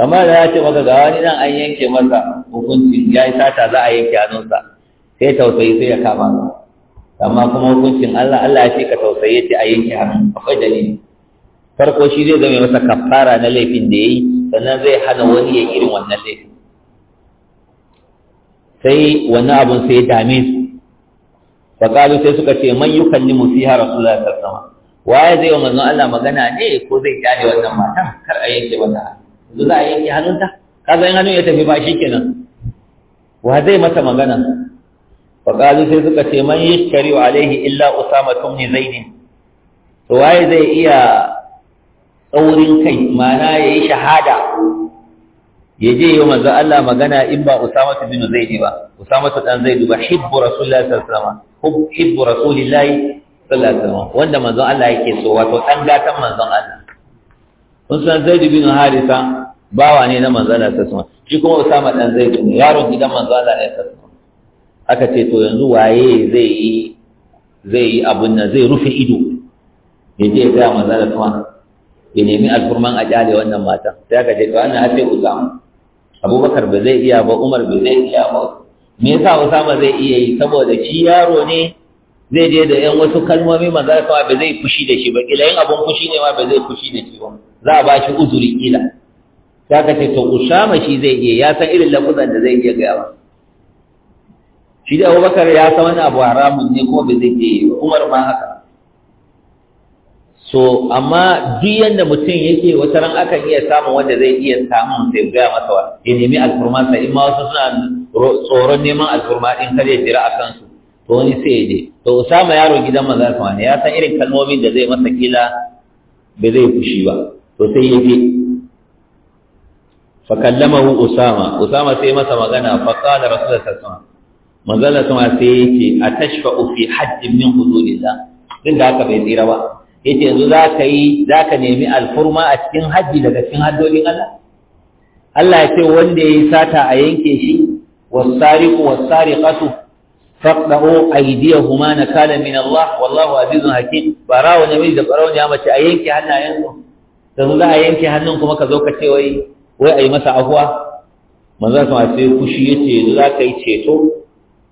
Speaker 1: amma da ya ce maka ga wani nan an yanke masa hukunci ya yi sata za a yanke hannunsa sai tausayi sai ya kama amma kuma hukuncin Allah Allah ya ce ka tausaye ta a yanke hannu akwai dalili farko shi zai zama masa kafara na laifin da yayi sannan zai hana wani ya irin wannan laifin sai wani abun sai ya dame su faqalu sai suka ce man yukallimu fiha rasulullahi sallallahu alaihi wasallam waye zai wa manzon Allah magana ne ko zai kyale wannan matan kar a yanke wata yanzu za a yanke hannunta ka zai hannun ya tafi ba kenan. wa zai mata magana faƙalu sai suka ce man yi shari'u alaihi illa usama zai ne. to waye zai iya tsaurin kai mana ya yi shahada ya je yi manzo Allah magana in ba usama tu zai ne ba usama tu dan zaidu ba hibbu rasulullahi sallallahu alaihi wasallam hibbu rasulullahi sallallahu alaihi wasallam wanda manzo Allah yake so wato dan gatan manzon Allah kun san zaidu bin harisa bawa ne na manzo Allah sallallahu alaihi wasallam shi kuma usama dan zaidu ne yaron gidan manzo Allah ne sallallahu aka ce to yanzu waye zai yi abin abun nan zai rufe ido ya je gaya maza da tuwa ya nemi alfurman a kyale wannan matan sai aka ce to ana hace usama abubakar ba zai iya ba umar ba zai iya ba me yasa usama zai iya yi saboda shi yaro ne zai je da yan wasu kalmomi maza da tuwa ba zai fushi da shi ba kila yin abun fushi ne ma ba zai fushi da shi ba za a ba shi uzuri kila sai aka ce to usama shi zai iya ya san irin lakuzan da zai iya gaya ba shi da abubakar ya san wani abu haramun ne kuma bai zai yi ba umar ma haka so amma duk yadda mutum yake wata ran akan iya samun wanda zai iya samun sai gaya masa wa ya nemi alfurmansa in ma wasu suna tsoron neman alfurma in kar ya jira a kansu to wani sai ya je to usama yaro gidan maza ta ne ya san irin kalmomin da zai masa kila bai zai fushi ba to sai ya je kallamahu usama usama sai masa magana qala rasulullahi sallallahu alaihi wasallam manzala sama sai ya ce a tashfa ufi hajjin min za din da aka bai tsira ba ce yanzu za ka nemi alfurma a cikin hajji daga cikin haddodin Allah Allah ya ce wanda ya yi sata a yanke shi wasariqu wasariqatu huma na nakala min Allah wallahu azizun hakim barawo ne mai da barawo ne mace a yanke hannayen su yanzu za a yanke hannun kuma ka zo ka ce wai wai yi masa ahuwa manzon sama sai kushi ce yanzu za ka yi ceto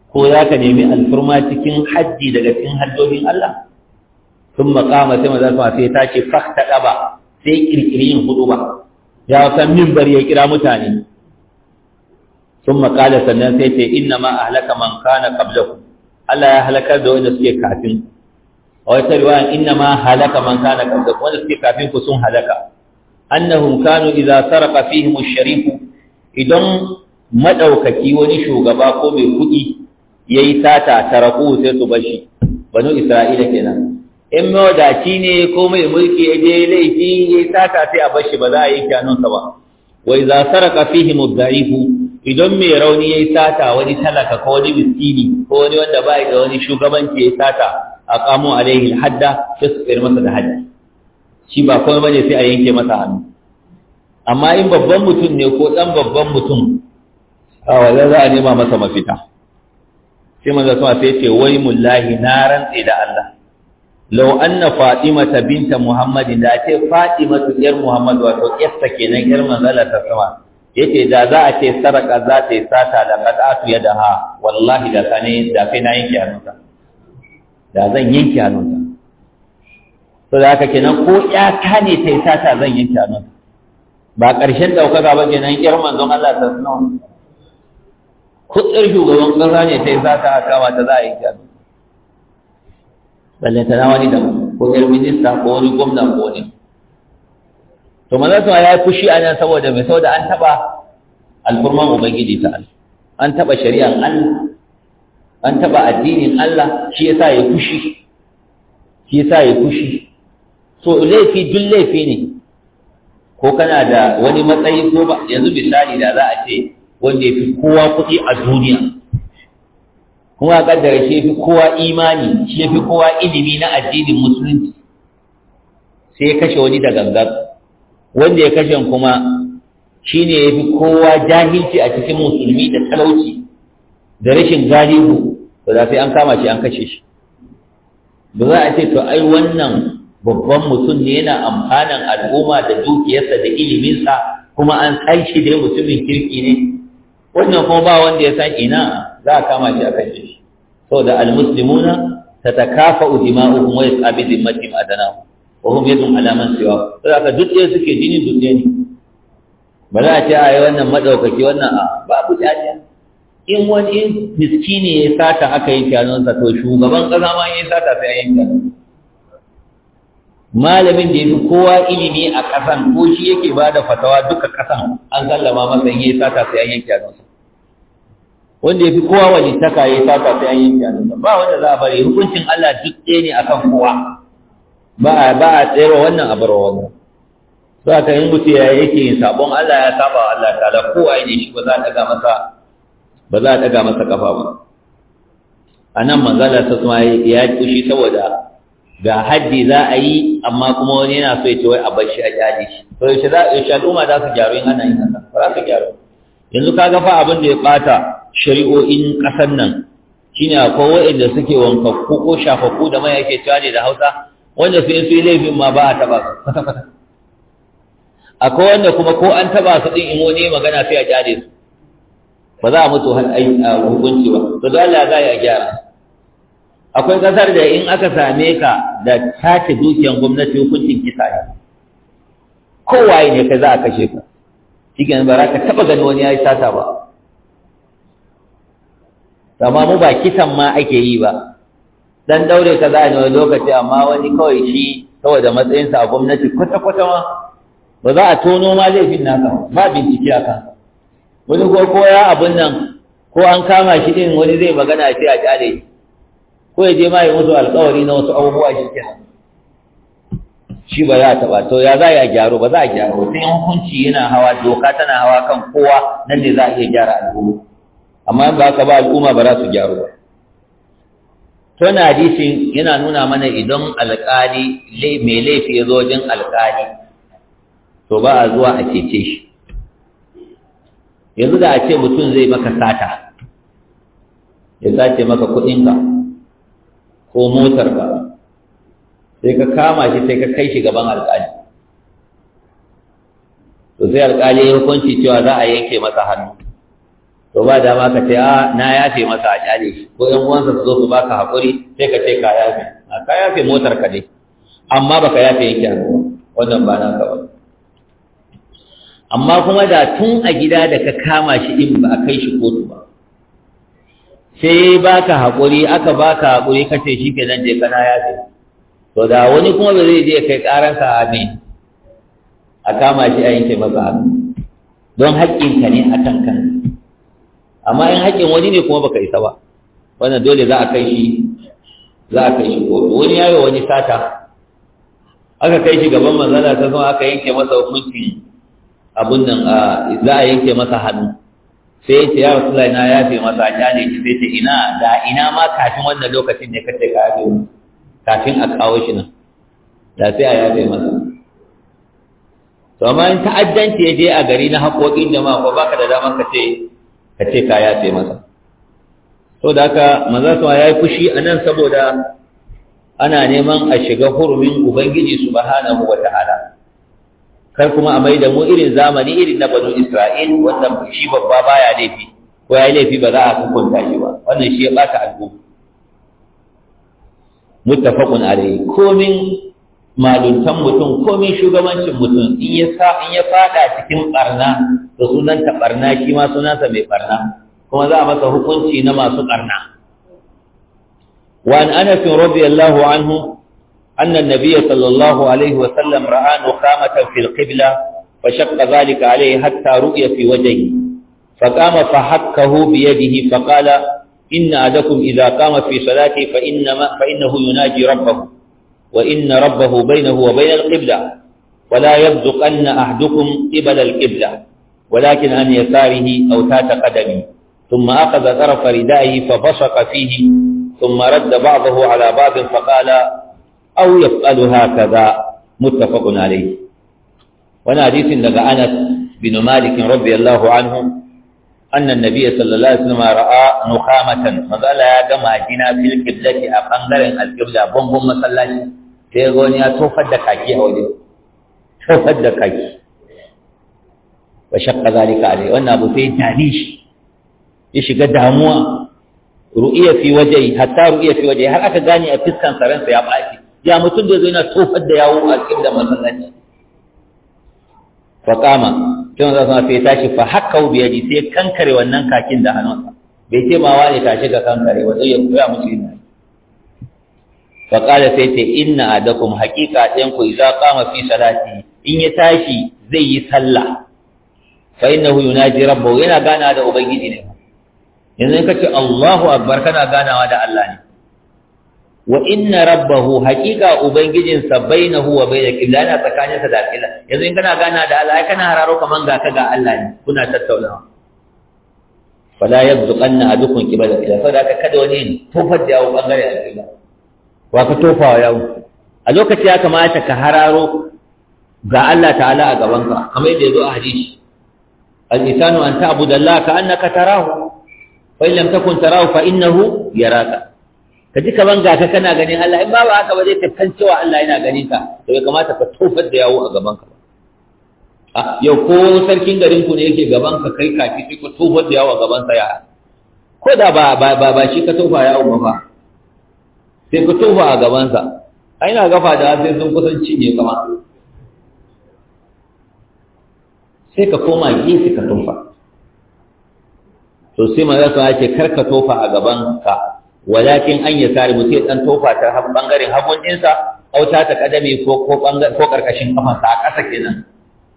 Speaker 1: ko za ka nemi alfurma cikin hajji daga cikin hajjojin Allah sun makama sai maza su sai ta ce fakta ɗaba sai ƙirƙiri yin hudu ba ya san mimbar ya kira mutane sun makala sannan sai ce inna ma a halaka man kana ku Allah ya halakar da wanda suke kafin a wata riwaya inna ma halaka man kana ku wanda suke kafin ku sun halaka annahum kanu idza saraqa fihim ash-sharif idan madaukaki wani shugaba ko mai kuɗi ya yi sata taraku sai su bashi banu isra'ila kenan in mawadaci ne ko mai mulki ya je laifi ya yi sata sai a bashi ba za a yi kyanonsa ba wai za saraka fihi mudda'ifu idan mai rauni ya yi sata wani talaka ko wani miskini ko wani wanda ba da wani shugabanci ya yi sata a kamo alaihi hadda sai su tsayar masa da hadda shi ba komai bane sai a yanke masa hannu amma in babban mutum ne ko dan babban mutum a wajen za a nema masa mafita sai manzo sama sai ce wai mullahi na rantse da Allah law anna fatimata binta muhammadin da ce fatimatu yar muhammad wato yasta kenan yar manzo ta sama yace da za a ce saraka za ta yi sata da qad'atu yadaha wallahi da kane da kai na yanke hannunta da zan yanke hannunta to da haka kenan ko ya kane ta yi sata zan yanke hannunta ba ƙarshen ɗaukaka ba kenan yar manzon Allah sallallahu alaihi wasallam kutsar shugaban ƙasa ne sai za ta kama ta za a yi jami'a. balle ta wani da ko yar minista ko wani gwamna ko wani to manzo su ya yi fushi a nan saboda mai saboda an taɓa alfurman ubangiji ta Allah an taɓa shari'an Allah an taɓa addinin Allah shi yasa ya fushi shi yasa ya fushi so laifi duk laifi ne ko kana da wani matsayi ko ba yanzu misali da za a ce wanda ya fi kowa kuɗi a duniya kuma a ƙaddara shi ya fi kowa imani shi ya fi kowa ilimi na addinin musulunci sai ya kashe wani da gangan wanda ya kashe kuma shi ne ya fi kowa jahilci a cikin musulmi da talauci da rashin galihu to za sai an kama shi an kashe shi ba za a ce to ai wannan babban mutum ne yana amfanan al'umma da dukiyarsa da iliminsa kuma an san shi dai mutumin kirki ne wannan kuma ba wanda ya san ina za a kama shi a kan shi saboda almuslimuna tatakafa'u dima'uhum wa yas'abi dhimmatihim adanahum wa hum yadun ala man siwa saboda ka duk ɗaya suke jini duk ne ba za a ce ai wannan madaukaki wannan a babu jajiya in wani in miskini ya sata aka yi kyanonsa to shugaban ƙasa ma ya sata sai a yi malamin da ya fi kowa ilimi a ƙasan ko shi yake ba da fatawa duka ƙasan an sallama masa ya sata sai a yanke hannunsa wanda ya fi kowa wani taka ya yi sata sai an yanke hannunsa ba wanda za a bari hukuncin Allah duk ɗaya ne akan kowa ba a ba a tsayarwa wannan a bar wannan ba ka yi mutu ya yake yin sabon Allah ya saba wa Allah ta'ala kowa ne shi ba za a daga masa ba za a ɗaga masa kafa ba a nan manzala ta kuma ya yi kushi saboda ga haddi za a yi amma kuma wani yana so ya ce wai a bar shi a kyale shi to yaushe za yaushe al'umma za su gyaru yin ana yin haka ba za su gyaru yanzu ka ga fa abin da ya bata shari'o'in ƙasar nan shi ne akwai waɗanda suke wankakku ko shafakku da mai yake cewa ne da Hausa wanda su yi laifin ma ba a taɓa su kwata kwata akwai wanda kuma ko an taɓa su ɗin imo ne magana sai a kyale su ba za a mutu har ayi a hukunci ba to da Allah za a gyara akwai kasar da in aka same ka da tace dukiyar gwamnati hukuncin kisa ne kowaye ne kai za a kashe ka shi ba za ka taɓa gani wani ya yi sata ba amma mu ba kisan ma ake yi ba dan daure ka za a wani lokaci amma wani kawai shi kawai matsayinsa a gwamnati kwata-kwata ma ba za a tono ma laifin naka ba bincike a kan wani ko koya abin nan ko an kama shi din wani zai magana sai a kyale ko ya je ma ya mutu alkawari na wasu abubuwa shi ke shi ba za a taba to ya za a gyaro ba za a gyaro sai hukunci yana hawa doka tana hawa kan kowa nan ne za a iya gyara al'umma amma ba ka ba al'umma ba za su gyaru ba tona hadisin yana nuna mana idan alƙali mai laifi ya zo wajen alƙali to ba a zuwa a cece shi yanzu da a ce mutum zai maka sata ya sace maka kuɗinka ko motarka sai ka kama shi sai ka kai shi gaban alƙali to sai alƙali ya hukunci cewa za a yanke masa hannu to ba dama ka ce a ah, na yafe masa a kyale shi ko yan uwansa su zo su baka hakuri sai ka ce ka yafe a ka yafe motar ka ne amma baka yafe yake a wannan ba naka ba amma kuma da tun a gida da ka kama shi in ba kai shi kotu ba sai baka hakuri aka baka hakuri ka ce shi nan je kana yafe to da wani kuma ba zai je kai karanka a ne a kama shi a yanke masa don haƙƙinka ne a kan kanka amma in haƙƙin wani ne kuma baka isa ba wannan dole za a kai shi za a kai shi kotu wani yayo wani sata aka kai shi gaban manzala ta zama aka yanke masa hukunci abun nan za a yanke masa hannu sai ya ce ya rasu na ya fi masa a jane shi sai ce ina da ina ma kafin wannan lokacin ne kace ka yi kafin a kawo shi nan da sai a yafe masa to amma in ta'addanci ya je a gari na haƙoƙin jama'a ko baka da damar ka ce ka ce ka yafe masa So da haka manzon ya yi fushi a nan saboda ana neman a shiga hurumin ubangiji su wata wataala kar kuma a maida mu irin zamani irin na banu isra'il wanda shi babba baya laifi ko ya yi laifi ba za a hukunta shi ba wannan shi ya ɓata al'umma muttafaqun alayhi komin maluntan mutum komin shugabancin mutum in ya sa in ya fada cikin ɓarna. da sunanta barna shi ma sunansa mai barna kuma za a masa hukunci na masu barna wa an anas radiyallahu anhu anna an-nabiy sallallahu alaihi wa sallam ra'a nukhamatan fil qibla fa shaqqa dhalika alayhi hatta ru'ya fi wajhihi fa qama fa hakkahu bi yadihi fa qala inna adakum idha qama fi salati fa inna fa innahu yunaji rabbahu wa wa أحدكم قبل القبلة ولكن عن يساره أو تات قدمي ثم أخذ طرف ردائه فبصق فيه ثم رد بعضه على بعض فقال أو يفعل هكذا متفق عليه وانا حديث لك أنس بن مالك رضي الله عنه أن النبي صلى الله عليه وسلم رأى نخامة فقال يا جماعة جنا في القبلة أقنقر القبلة بوم بوم مسلاش تيغوني أتوفد كاكي أولي توفد كاكي wa shaqqa zalika alayhi wannan abu sai dani shi ya shiga damuwa ru'iya fi wajhi hatta ru'iya fi wajhi har aka gane a fiskan saransa ya baki ya mutum da zo yana tofar da yawo a cikin da masallaci fa qama sai manzo sama sai tashi fa hakau bi yadi sai kankare wannan kakin da hannunsa bai ce ma wani tashi ga kankare wa zai koya musu yin fa qala sai ce inna adakum haqiqa ɗayan ku idza qama fi salati in ya tashi zai yi sallah fa innahu yunaji rabbahu yana gana da ubangiji ne yanzu in kace Allahu akbar kana ganawa da Allah ne wa inna rabbahu haqiqa ubangijinsa bainahu wa bainal qibla yana tsakaninsa da qibla yanzu in kana gana da Allah ai kana hararo kaman ga ka ga Allah ne kuna tattaunawa fala yabzuqanna adukum qibla qibla saboda haka kada wani ne tofar da yawo bangare a qibla wa ka tofa yawo a lokaci ya kamata ka hararo ga Allah ta'ala a gaban gabanka kamar yadda ya zo a hadisi الإنسان أن تعبد الله كأنك تراه فإن لم تكن تراه فإنه يراك kaji ka ban ka kana ganin Allah in ba ba haka ba zai tafkan wa Allah yana ganin ka to ya kamata ka tofar da yawo a gaban ka a yau ko sarkin garin ku ne yake gaban ka kai kafi sai ku tofar da yawo a gaban sa ya ko da ba ba ba shi ka tofa yawo ba fa sai ku tofa a gaban sa ai na gafa da sai sun kusan cinye kama sai ka koma gefe ka tofa to sai manzo sun ce kar ka tofa a gaban ka walakin an ya sa mutum ya dan tofa ta bangaren hagun dinsa auta ta kadami ko ko bangaren ko karkashin kafansa a ƙasa kenan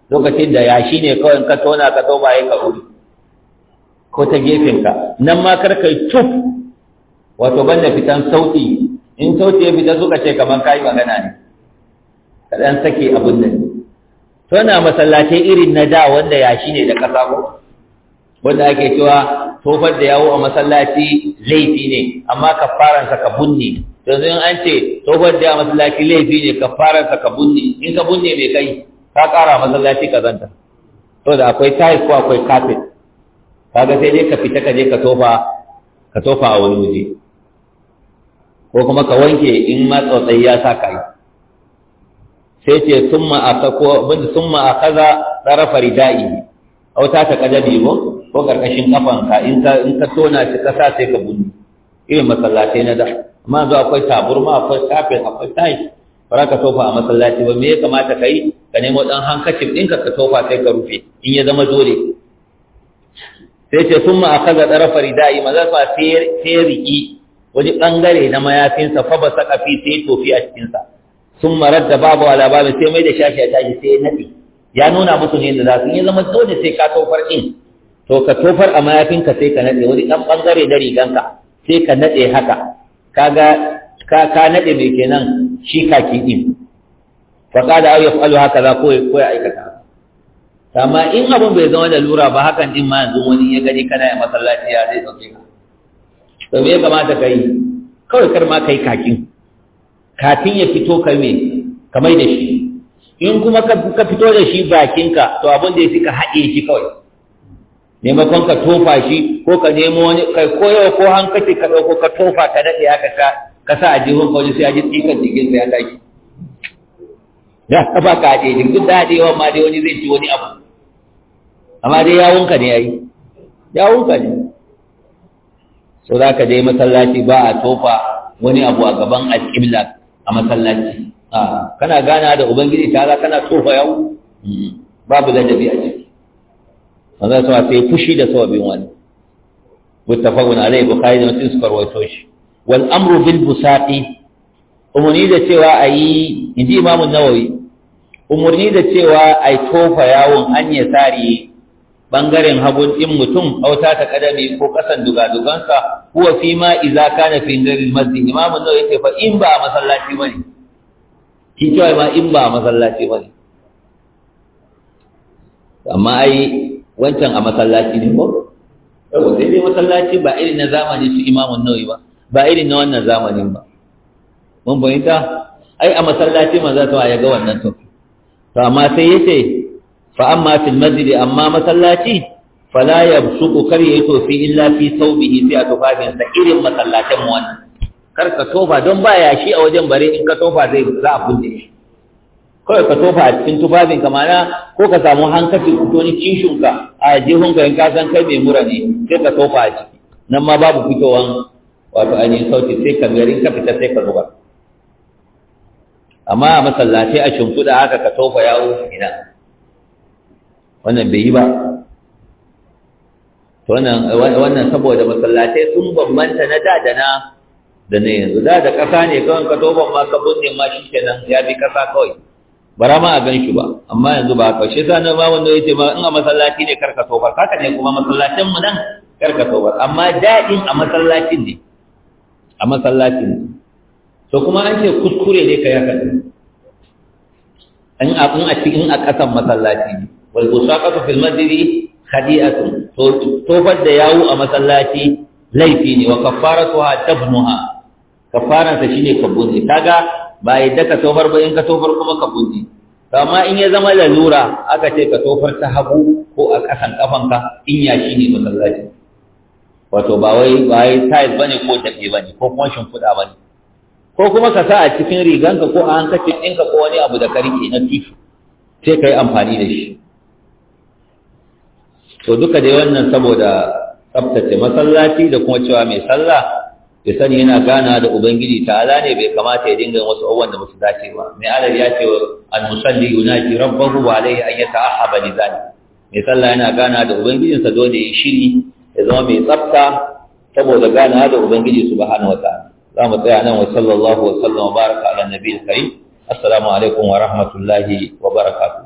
Speaker 1: lokacin da yashi ne kawai ka tona ka tofa yayin ka wuri ko ta gefen ka nan ma kar kai tuf wato banda fitan sauti in sauti ya fita suka ce kamar kai magana ne ka dan sake abin nan suna masallacin irin na da wanda yashi ne da ƙasa ko wanda ake cewa tofar da yawo a masallaci laifi ne amma kafaransa ka bunne yanzu in an ce tofar da yawo a masallaci laifi ne kafaransa ka bunne in ka bunne mai kai ka ƙara masallaci kazanta da akwai tayis ko akwai kafin kaga sai dai ka fita ka je ka tofa ka tofa a wani waje ko kuma ka wanke in ma tsautsayi ya sa ka yi sai ce summa a ko bin summa akaza ridai au ta ta kadami ko ko karkashin kafanka in ka in ka tona shi ka sa sai ka bunni irin masallatai na da amma yanzu akwai taburma akwai kafin akwai tayi fara ka tofa a masallaci ba me ya kamata ka yi ka nemo dan hankacin ɗinka ka tofa sai ka rufe in ya zama dole sai ce sun ma aka ga ɗarafa rida'i ma za su a sai riƙi wani ɓangare na mayafinsa fa ba saka fi sai tofi a cikinsa sun marar da babu ala babu sai mai da shashi ya tashi sai ya nade. ya nuna musu ne da zasu yi zama dole sai ka tofar in to ka tofar a mayafinka sai ka nade. wani ɗan ɓangare na riganka sai ka nade haka kaga ka ka nade mai kenan shi ki ɗin fa kada au yaf'alu za ko ko ya aikata amma in abin bai zama da lura ba hakan din ma yanzu wani ya gani kana ya masallaci ya zai dauke ka to me ya kamata kai kawai kar ma kai kakin kafin ya fito ka me kamar da shi in kuma ka fito da shi bakinka to abin da ya fi ka haɗe shi kawai maimakon ka tofa shi ko ka nemo wani kai yau ko hankali ka ɗauko ka tofa ka daɗe aka sa ka sa a jihun kawai sai a ji tsikan jikin sa ya tashi ya kafa ka haɗe shi duk da yawan ma dai wani zai ci wani abu amma dai yawunka ne ya yi yawunka ne so za ka je masallaci ba a tofa wani abu a gaban alƙibla a masallaci kana gana da ubangiji ta kana tsofa yau babu ladabi a ciki manzon sama sai fushi da sawabin wani muttafaqun alai bukhari da muslim suka rawaito shi wal amru bil busaqi umurni da cewa ayi inji imamu nawawi umurni da cewa ai tofa yawon an ya bangaren hagun din mutum auta ta kadami ko kasan dugadugansa huwa fi ma iza kana fi ndaril masjid imamu nawawi yace fa in ba masallaci bane kin cewa ma in ba masallaci bane amma ai wancan a masallaci ne ko yau sai dai masallaci ba irin na zamanin su imamun nawawi ba ba irin na wannan zamanin ba mun fahimta ai a masallaci za ta ya ga wannan to to amma sai yace fa amma fil masjid amma masallaci fala yabsuku kar yayi tofi illa fi thawbihi fi atufafin sa irin masallacin mu wannan kar ka tofa don ba ya shi a wajen bare in ka tofa zai za a kunne shi kawai ka tofa a cikin tufafin ka mana ko ka samu hankafi ko ni ka a jihunka in ka san kai mai mura sai ka tofa a ciki nan ma babu fitowan wato a ainihin sauti sai ka garin ka fita sai ka zuba amma a masallatai a shimfiɗa haka ka tofa yawo ina wannan bai yi ba wannan saboda masallatai sun bambanta na da da na da na yanzu da da ƙasa ne kawai ka toban ma ka bunne ma shi kenan ya bi ƙasa kawai bara ma a gan shi ba amma yanzu ba haka shi sa na ma wanda ya ce ma in a masallaci ne karka tobar haka ne kuma masallacin mu nan karka tobar amma daɗin a masallacin ne a masallacin ne to kuma an ce kuskure ne ka yaka in a cikin a ƙasan masallaci ne wal busaqatu fil masjidi khadi'atun to tofar da yawo a masallaci laifi ne wa ha tabnuha kaffaran ta shine kabuni kaga ba yadda ka tofar ba in ka tofar kuma kabuni to amma in ya zama lalura aka ce ka tofar ta hagu ko a kasan kafanka in ya shine masallaci wato ba wai ba wai tiles bane ko tafi bane ko kuma shimfiɗa bane ko kuma ka sa a cikin riganka ko a hankacin ɗinka ko wani abu da ka na tifu sai ka yi amfani da shi to duka dai wannan saboda tsaftace masallaci da kuma cewa mai sallah ya sani yana gana da ubangiji ta'ala ne bai kamata ya dinga wasu abubuwan da musu dace ba mai alal ya ce al musalli yunaji rabbahu wa alayhi an yata'ahaba li zalik mai sallah yana gana da ubangijinsa dole ya shiri ya zama mai tsafta saboda gana da ubangiji subhanahu wa ta'ala za mu tsaya nan wa sallallahu wa sallama baraka ala nabiyil karim assalamu alaikum wa rahmatullahi wa barakatuh